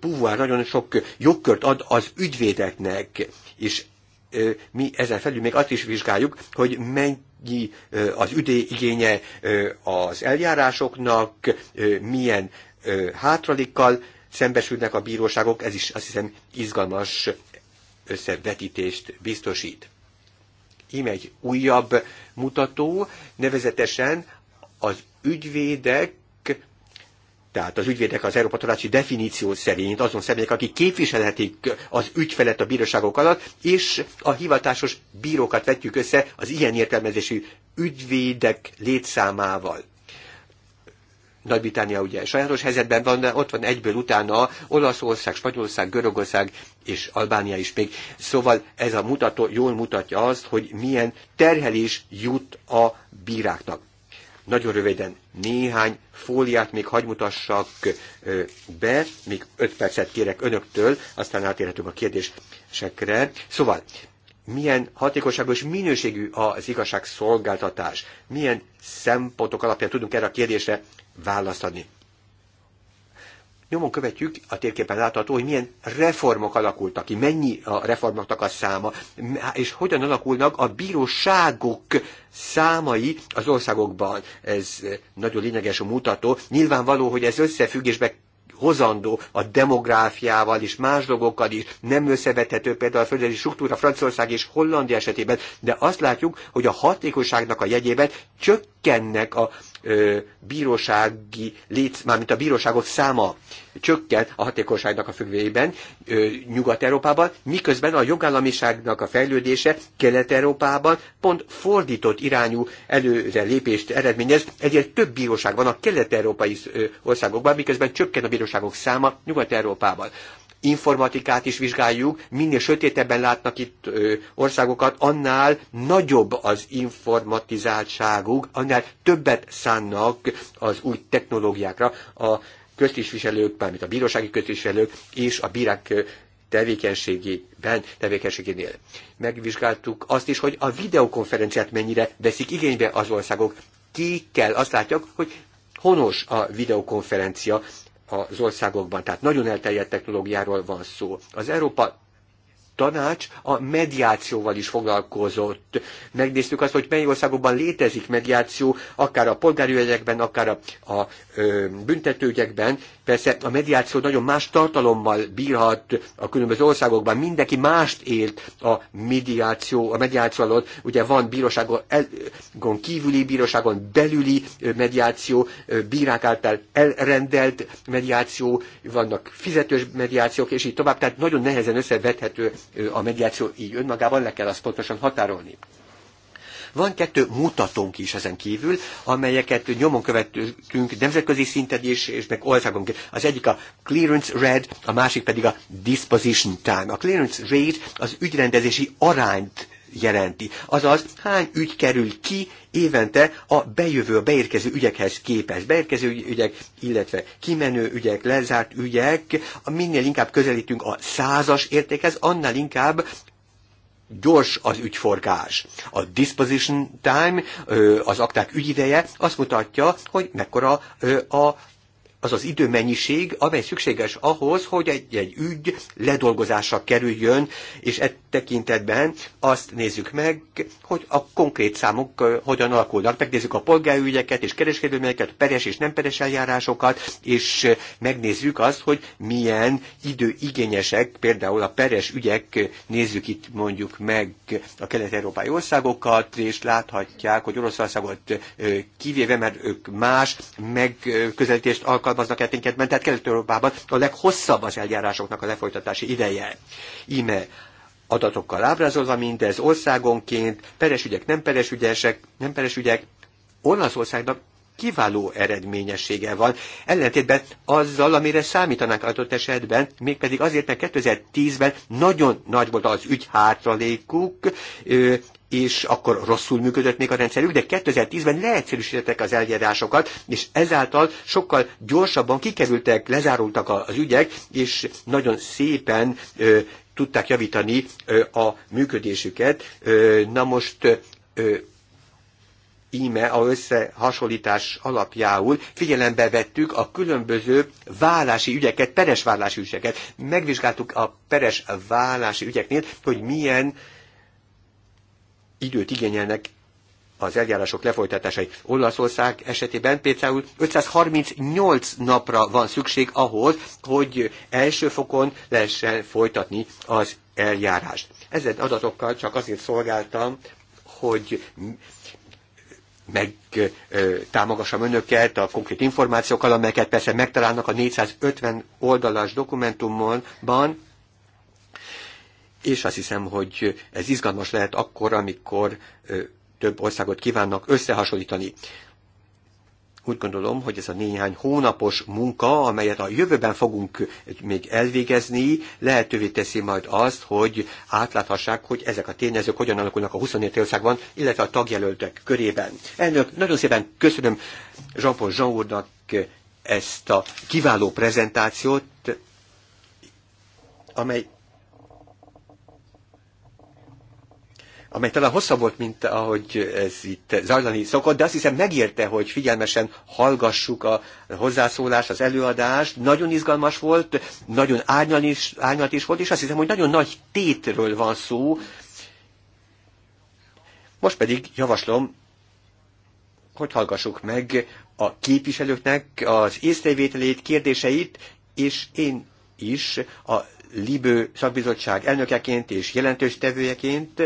S3: puvár, nagyon sok jogkört ad az ügyvédeknek, és mi ezen felül még azt is vizsgáljuk, hogy mennyi az igénye az eljárásoknak, milyen hátralékkal szembesülnek a bíróságok, ez is azt hiszem izgalmas összevetítést biztosít íme egy újabb mutató, nevezetesen az ügyvédek tehát az ügyvédek az Európa Tanácsi definíció szerint azon személyek, akik képviselhetik az ügyfelet a bíróságok alatt, és a hivatásos bírókat vetjük össze az ilyen értelmezésű ügyvédek létszámával. Nagy-Britannia ugye sajátos helyzetben van, de ott van egyből utána Olaszország, Spanyolország, Görögország és Albánia is még. Szóval ez a mutató jól mutatja azt, hogy milyen terhelés jut a bíráknak. Nagyon röviden néhány fóliát még hagy mutassak be, még öt percet kérek önöktől, aztán átérhetünk a kérdésekre. Szóval, milyen hatékonyságos minőségű az igazságszolgáltatás, milyen szempontok alapján tudunk erre a kérdésre választ adni. Nyomon követjük, a térképen látható, hogy milyen reformok alakultak ki, mennyi a reformoknak a száma, és hogyan alakulnak a bíróságok számai az országokban. Ez nagyon lényeges a mutató. Nyilvánvaló, hogy ez összefüggésbe hozandó a demográfiával és más dolgokkal is, nem összevethető például a földrajzi struktúra Franciaország és Hollandia esetében, de azt látjuk, hogy a hatékonyságnak a jegyében csökkent csökkennek a ö, bírósági létsz, mármint a bíróságok száma csökken a hatékonyságnak a függvében Nyugat-Európában, miközben a jogállamiságnak a fejlődése Kelet-Európában pont fordított irányú előre lépést eredményez, egyre több bíróság van a kelet-európai országokban, miközben csökken a bíróságok száma Nyugat-Európában informatikát is vizsgáljuk, minél sötétebben látnak itt ö, országokat, annál nagyobb az informatizáltságuk, annál többet szánnak az új technológiákra a köztisviselők, mármint a bírósági köztisviselők és a bírák tevékenységében, tevékenységénél. Megvizsgáltuk azt is, hogy a videokonferenciát mennyire veszik igénybe az országok. kell azt látjuk, hogy honos a videokonferencia az országokban. Tehát nagyon elterjedt technológiáról van szó. Az Európa tanács a mediációval is foglalkozott. Megnéztük azt, hogy mely országokban létezik mediáció, akár a polgári ügyekben, akár a, a ö, büntetőügyekben. Persze a mediáció nagyon más tartalommal bírhat a különböző országokban. Mindenki mást élt a mediáció, a mediáció alatt. Ugye van bíróságon kívüli, bíróságon belüli mediáció, bírák által elrendelt mediáció, vannak fizetős mediációk, és így tovább. Tehát nagyon nehezen összevethető a mediáció így önmagában, le kell azt pontosan határolni. Van kettő mutatónk is ezen kívül, amelyeket nyomon követünk nemzetközi szinten is, és meg országon. Az egyik a clearance rate, a másik pedig a disposition time. A clearance rate az ügyrendezési arányt jelenti. Azaz, hány ügy kerül ki évente a bejövő, a beérkező ügyekhez képest. Beérkező ügyek, illetve kimenő ügyek, lezárt ügyek, minél inkább közelítünk a százas értékhez, annál inkább gyors az ügyforgás. A disposition time, az akták ügyideje azt mutatja, hogy mekkora a az az időmennyiség, amely szükséges ahhoz, hogy egy-egy ügy ledolgozásra kerüljön, és e tekintetben azt nézzük meg, hogy a konkrét számok hogyan alakulnak. Megnézzük a polgárügyeket és kereskedőményeket, peres és nem peres eljárásokat, és megnézzük azt, hogy milyen időigényesek, például a peres ügyek, nézzük itt mondjuk meg a kelet-európai országokat, és láthatják, hogy Oroszországot kivéve, mert ők más megközelítést alkalmaznak, alkalmaznak el minket, tehát Kelet-Európában a leghosszabb az eljárásoknak a lefolytatási ideje. Íme adatokkal ábrázolva mindez országonként, peresügyek, nem peresügyesek, nem peresügyek, Olaszországnak kiváló eredményessége van, ellentétben azzal, amire számítanánk adott esetben, mégpedig azért, mert 2010-ben nagyon nagy volt az ügy hátralékuk, és akkor rosszul működött még a rendszerük, de 2010-ben leegyszerűsítettek az eljárásokat, és ezáltal sokkal gyorsabban kikerültek, lezárultak az ügyek, és nagyon szépen ö, tudták javítani ö, a működésüket. Ö, na most ö, íme a összehasonlítás alapjául figyelembe vettük a különböző vállási ügyeket, peres vállási ügyeket. Megvizsgáltuk a peres vállási ügyeknél, hogy milyen időt igényelnek az eljárások lefolytatásai. Olaszország esetében például 538 napra van szükség ahhoz, hogy első fokon lehessen folytatni az eljárást. Ezen adatokkal csak azért szolgáltam, hogy megtámogassam önöket a konkrét információkkal, amelyeket persze megtalálnak a 450 oldalas dokumentumban, és azt hiszem, hogy ez izgalmas lehet akkor, amikor több országot kívánnak összehasonlítani. Úgy gondolom, hogy ez a néhány hónapos munka, amelyet a jövőben fogunk még elvégezni, lehetővé teszi majd azt, hogy átláthassák, hogy ezek a tényezők hogyan alakulnak a 27 országban, illetve a tagjelöltek körében. Elnök, nagyon szépen köszönöm Jean-Paul Jean úrnak ezt a kiváló prezentációt, amely amely talán hosszabb volt, mint ahogy ez itt zajlani szokott, de azt hiszem megérte, hogy figyelmesen hallgassuk a hozzászólást, az előadást. Nagyon izgalmas volt, nagyon árnyalat is, is volt, és azt hiszem, hogy nagyon nagy tétről van szó. Most pedig javaslom, hogy hallgassuk meg a képviselőknek az észrevételét, kérdéseit, és én is a Libő szakbizottság elnökeként és jelentős tevőjeként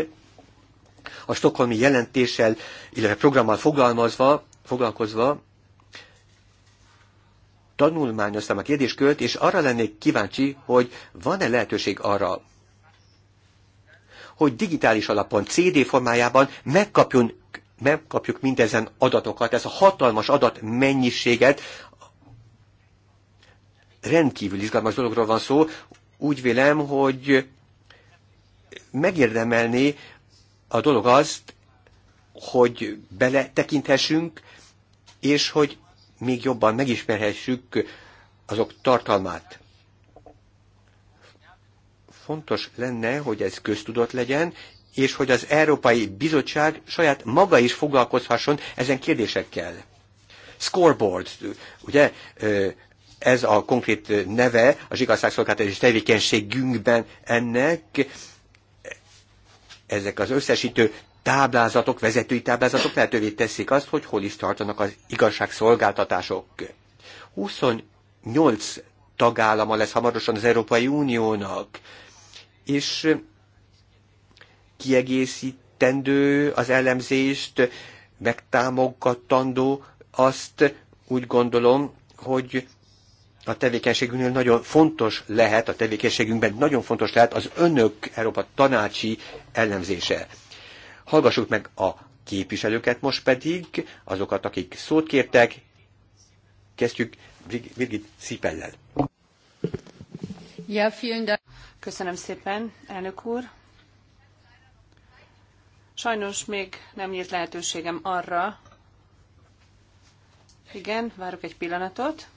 S3: a stokholmi jelentéssel, illetve programmal fogalmazva, foglalkozva tanulmányoztam a kérdéskört, és arra lennék kíváncsi, hogy van-e lehetőség arra, hogy digitális alapon, CD formájában megkapjon, megkapjuk mindezen adatokat, ez a hatalmas adat mennyiséget, rendkívül izgalmas dologról van szó, úgy vélem, hogy megérdemelné a dolog az, hogy beletekinthessünk, és hogy még jobban megismerhessük azok tartalmát. Fontos lenne, hogy ez köztudott legyen, és hogy az Európai Bizottság saját maga is foglalkozhasson ezen kérdésekkel. Scoreboard, ugye ez a konkrét neve a igazságszolgáltatási tevékenységünkben ennek, ezek az összesítő táblázatok, vezetői táblázatok lehetővé teszik azt, hogy hol is tartanak az igazságszolgáltatások. 28 tagállama lesz hamarosan az Európai Uniónak, és kiegészítendő az elemzést, megtámogatandó azt úgy gondolom, hogy a tevékenységünknél nagyon fontos lehet, a tevékenységünkben nagyon fontos lehet az önök Európa tanácsi ellenzése. Hallgassuk meg a képviselőket most pedig, azokat, akik szót kértek. Kezdjük Birgit Szipellel.
S1: Ja, vielen Köszönöm szépen, elnök úr. Sajnos még nem nyílt lehetőségem arra. Igen, várok egy pillanatot.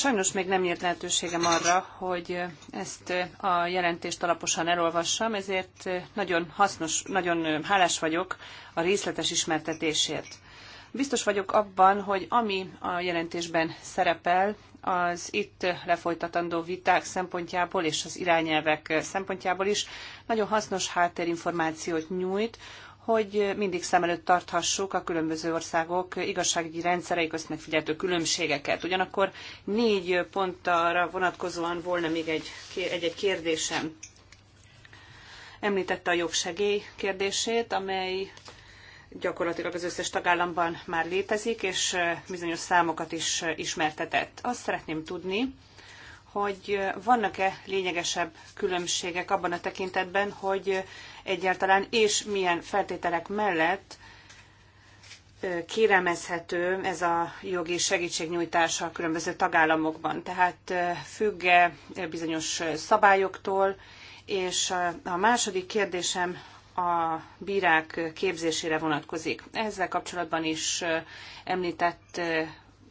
S1: Sajnos még nem nyílt lehetőségem arra, hogy ezt a jelentést alaposan elolvassam, ezért nagyon hasznos, nagyon hálás vagyok a részletes ismertetésért. Biztos vagyok abban, hogy ami a jelentésben szerepel, az itt lefolytatandó viták szempontjából és az irányelvek szempontjából is nagyon hasznos háttérinformációt nyújt hogy mindig szem előtt tarthassuk a különböző országok igazságügyi rendszerei közt megfigyeltő különbségeket. Ugyanakkor négy pontra vonatkozóan volna még egy-egy kérdésem. Említette a jogsegély kérdését, amely gyakorlatilag az összes tagállamban már létezik, és bizonyos számokat is ismertetett. Azt szeretném tudni, hogy vannak-e lényegesebb különbségek abban a tekintetben, hogy egyáltalán, és milyen feltételek mellett kérelmezhető ez a jogi segítségnyújtás a különböző tagállamokban. Tehát függe bizonyos szabályoktól, és a második kérdésem a bírák képzésére vonatkozik. Ezzel kapcsolatban is említett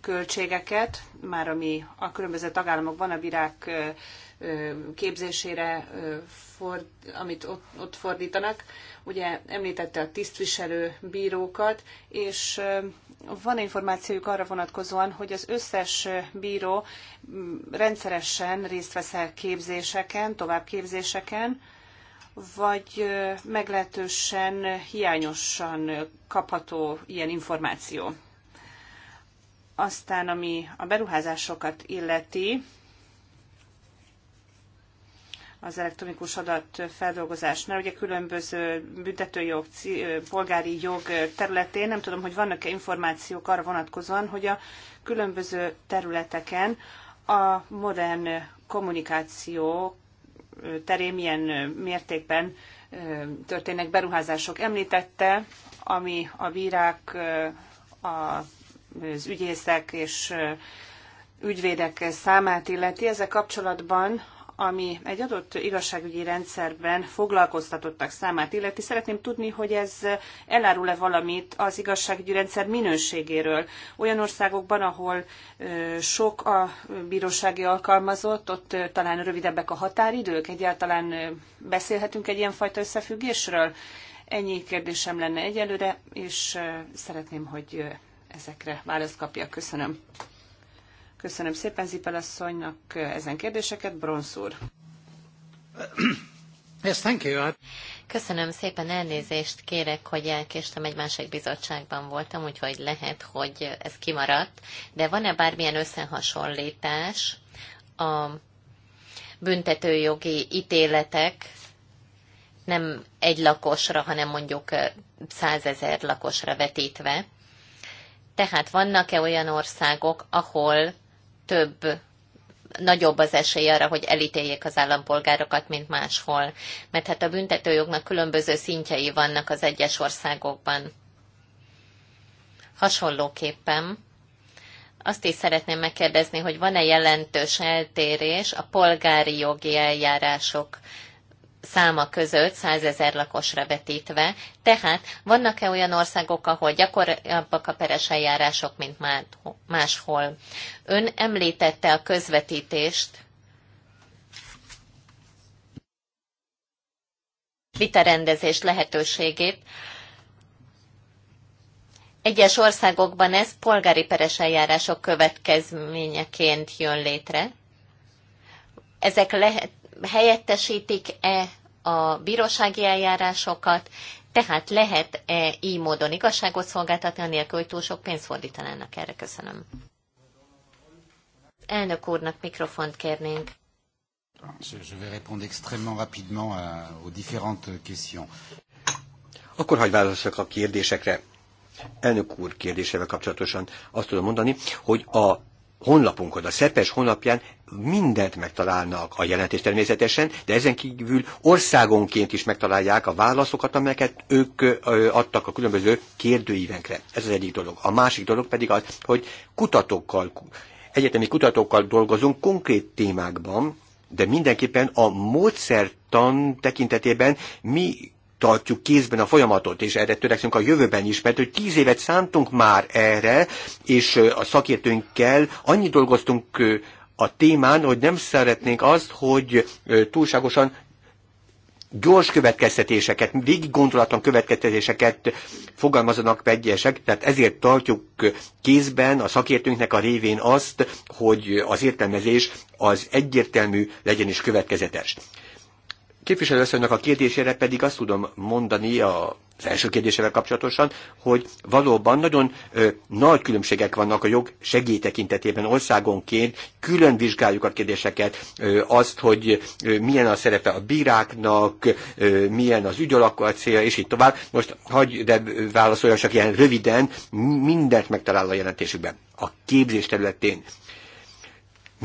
S1: költségeket, már ami a különböző tagállamokban a bírák képzésére, ford, amit ott, ott fordítanak. Ugye említette a tisztviselő bírókat, és van információjuk arra vonatkozóan, hogy az összes bíró rendszeresen részt vesz el képzéseken, továbbképzéseken, vagy meglehetősen hiányosan kapható ilyen információ. Aztán, ami a beruházásokat illeti, az elektronikus adatfeldolgozásnál. Ugye különböző büntetőjog, polgári jog területén nem tudom, hogy vannak-e információk arra vonatkozóan, hogy a különböző területeken a modern kommunikáció terén milyen mértékben történnek beruházások. Említette, ami a bírák, az ügyészek és ügyvédek számát illeti. Ezzel kapcsolatban ami egy adott igazságügyi rendszerben foglalkoztatottak számát illeti. Szeretném tudni, hogy ez elárul-e valamit az igazságügyi rendszer minőségéről. Olyan országokban, ahol sok a bírósági alkalmazott, ott talán rövidebbek a határidők, egyáltalán beszélhetünk egy ilyenfajta összefüggésről. Ennyi kérdésem lenne egyelőre, és szeretném, hogy ezekre választ kapja. Köszönöm. Köszönöm szépen Zipel asszonynak ezen kérdéseket. Bronsz úr. Yes, thank you. Köszönöm szépen, elnézést kérek,
S2: hogy elkéstem egy másik bizottságban voltam, úgyhogy lehet, hogy ez kimaradt. De van-e bármilyen összehasonlítás a büntetőjogi ítéletek nem egy lakosra, hanem mondjuk százezer lakosra vetítve? Tehát vannak-e olyan országok, ahol több nagyobb az esély arra, hogy elítéljék az állampolgárokat, mint máshol. Mert hát a büntetőjognak különböző szintjei vannak az egyes országokban. Hasonlóképpen azt is szeretném megkérdezni, hogy van-e jelentős eltérés a polgári jogi eljárások száma között 100 ezer lakosra vetítve, tehát vannak-e olyan országok, ahol gyakoribbak a peres eljárások, mint máshol? Ön említette a közvetítést, vitarendezés lehetőségét. Egyes országokban ez polgári peres eljárások következményeként jön létre. Ezek lehet, helyettesítik-e a bírósági eljárásokat, tehát lehet-e így módon igazságot szolgáltatni, anélkül, hogy túl sok pénzt fordítanának erre? Köszönöm. Elnök úrnak mikrofont kérnénk.
S3: Je vais répondre extrêmement rapidement euh, aux différentes questions. Akkor hagyj válaszok a kérdésekre. Elnök úr kérdésével kapcsolatosan azt tudom mondani, hogy a honlapunkon, a SZEPES honlapján mindent megtalálnak a jelentés természetesen, de ezen kívül országonként is megtalálják a válaszokat, amelyeket ők adtak a különböző kérdőívenkre. Ez az egyik dolog. A másik dolog pedig az, hogy kutatókkal, egyetemi kutatókkal dolgozunk konkrét témákban, de mindenképpen a módszertan tekintetében mi tartjuk kézben a folyamatot, és erre törekszünk a jövőben is, mert hogy tíz évet szántunk már erre, és a szakértőnkkel annyit dolgoztunk a témán, hogy nem szeretnénk azt, hogy túlságosan gyors következtetéseket, végig gondolatlan következtetéseket fogalmazanak vegyesek, tehát ezért tartjuk kézben a szakértőnknek a révén azt, hogy az értelmezés az egyértelmű legyen és következetes képviselőasszonynak a kérdésére pedig azt tudom mondani a az első kérdésével kapcsolatosan, hogy valóban nagyon ö, nagy különbségek vannak a jog segélytekintetében országonként, külön vizsgáljuk a kérdéseket, ö, azt, hogy ö, milyen a szerepe a bíráknak, ö, milyen az ügyalakkal célja, és így tovább. Most hagyj, de válaszolja csak ilyen röviden, mindent megtalál a jelentésükben. A képzés területén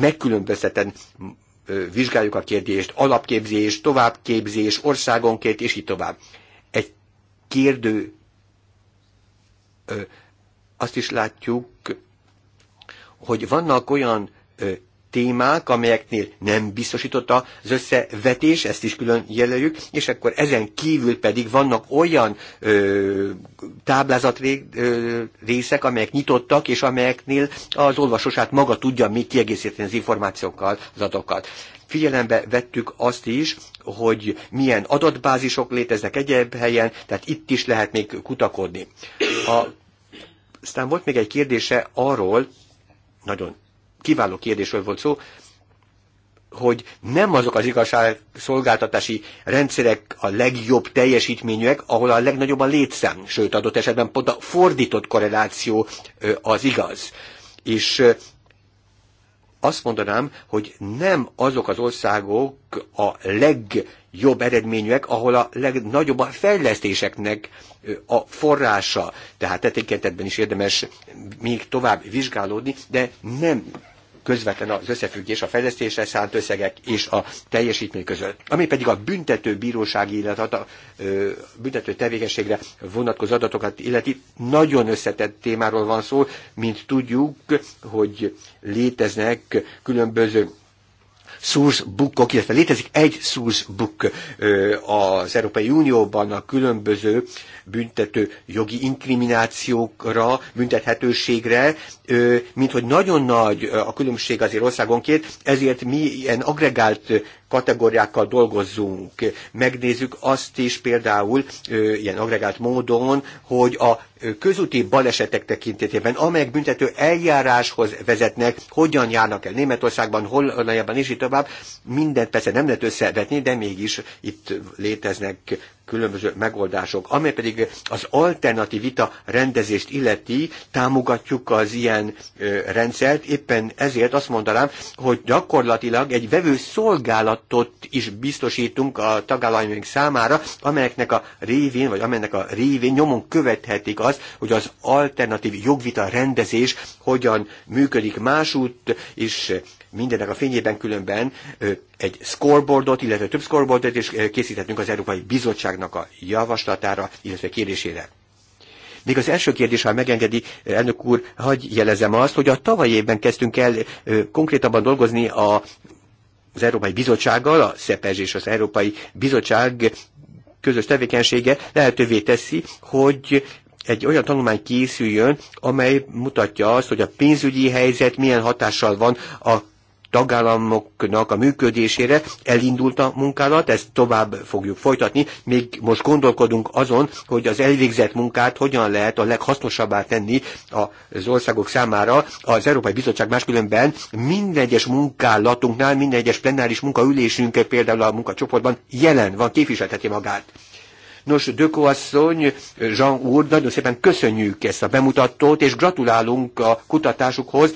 S3: megkülönböztetett vizsgáljuk a kérdést, alapképzés, továbbképzés, országonként, és így tovább. Egy kérdő, azt is látjuk, hogy vannak olyan témák, amelyeknél nem biztosította az összevetés, ezt is külön jelöljük, és akkor ezen kívül pedig vannak olyan ö, táblázat ré, ö, részek, amelyek nyitottak, és amelyeknél az olvasó saját maga tudja még kiegészíteni az információkkal, az adatokat figyelembe vettük azt is, hogy milyen adatbázisok léteznek egyéb helyen, tehát itt is lehet még kutakodni. A, aztán volt még egy kérdése arról, nagyon kiváló kérdésről volt szó, hogy nem azok az igazságszolgáltatási rendszerek a legjobb teljesítményűek, ahol a legnagyobb a létszám, sőt adott esetben pont a fordított korreláció az igaz. És azt mondanám, hogy nem azok az országok a legjobb eredményűek, ahol a legnagyobb a fejlesztéseknek a forrása. Tehát e tekintetben is érdemes még tovább vizsgálódni, de nem közvetlen az összefüggés a fejlesztésre szánt összegek és a teljesítmény között. Ami pedig a büntető bírósági, illetve a büntető tevékenységre vonatkozó adatokat illeti, nagyon összetett témáról van szó, mint tudjuk, hogy léteznek különböző source bookok, illetve létezik egy source book az Európai Unióban a különböző büntető jogi inkriminációkra, büntethetőségre, mint hogy nagyon nagy a különbség azért országonként, ezért mi ilyen agregált kategóriákkal dolgozzunk. Megnézzük azt is például ilyen agregált módon, hogy a közúti balesetek tekintetében, amelyek büntető eljáráshoz vezetnek, hogyan járnak el Németországban, Hollandiában és így tovább, mindent persze nem lehet összevetni, de mégis itt léteznek különböző megoldások. Ami pedig az alternatív vita rendezést illeti, támogatjuk az ilyen ö, rendszert, éppen ezért azt mondanám, hogy gyakorlatilag egy vevő szolgálatot is biztosítunk a tagállamok számára, amelyeknek a révén, vagy amelynek a révén nyomon követhetik azt, hogy az alternatív jogvita rendezés hogyan működik másút, és Mindennek a fényében különben egy scoreboardot, illetve több scoreboardot is készítettünk az Európai Bizottságnak a javaslatára, illetve kérésére. Még az első kérdés, ha megengedi, elnök úr, hagy jelezem azt, hogy a tavaly évben kezdtünk el konkrétabban dolgozni a az Európai Bizottsággal, a SZEPEZ és az Európai Bizottság közös tevékenysége lehetővé teszi, hogy egy olyan tanulmány készüljön, amely mutatja azt, hogy a pénzügyi helyzet milyen hatással van a tagállamoknak a működésére elindult a munkálat, ezt tovább fogjuk folytatni. Még most gondolkodunk azon, hogy az elvégzett munkát hogyan lehet a leghasznosabbá tenni az országok számára. Az Európai Bizottság máskülönben minden egyes munkálatunknál, minden egyes plenáris munkaülésünk például a munkacsoportban jelen van, képviselteti magát. Nos, Döko asszony, Jean úr, nagyon szépen köszönjük ezt a bemutatót, és gratulálunk a kutatásukhoz,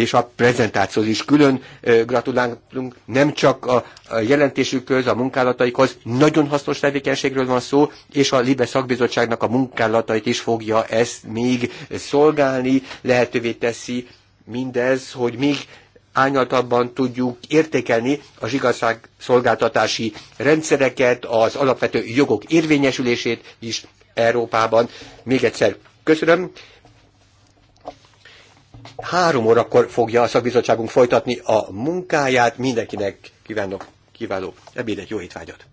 S3: és a prezentációhoz is külön gratulálunk, nem csak a jelentésükhöz, a munkálataikhoz, nagyon hasznos tevékenységről van szó, és a Libe szakbizottságnak a munkálatait is fogja ezt még szolgálni, lehetővé teszi mindez, hogy még ányaltabban tudjuk értékelni az igazságszolgáltatási rendszereket, az alapvető jogok érvényesülését is Európában. Még egyszer köszönöm, Három órakor fogja a szakbizottságunk folytatni a munkáját. Mindenkinek kívánok kiváló ebédet, jó étvágyat!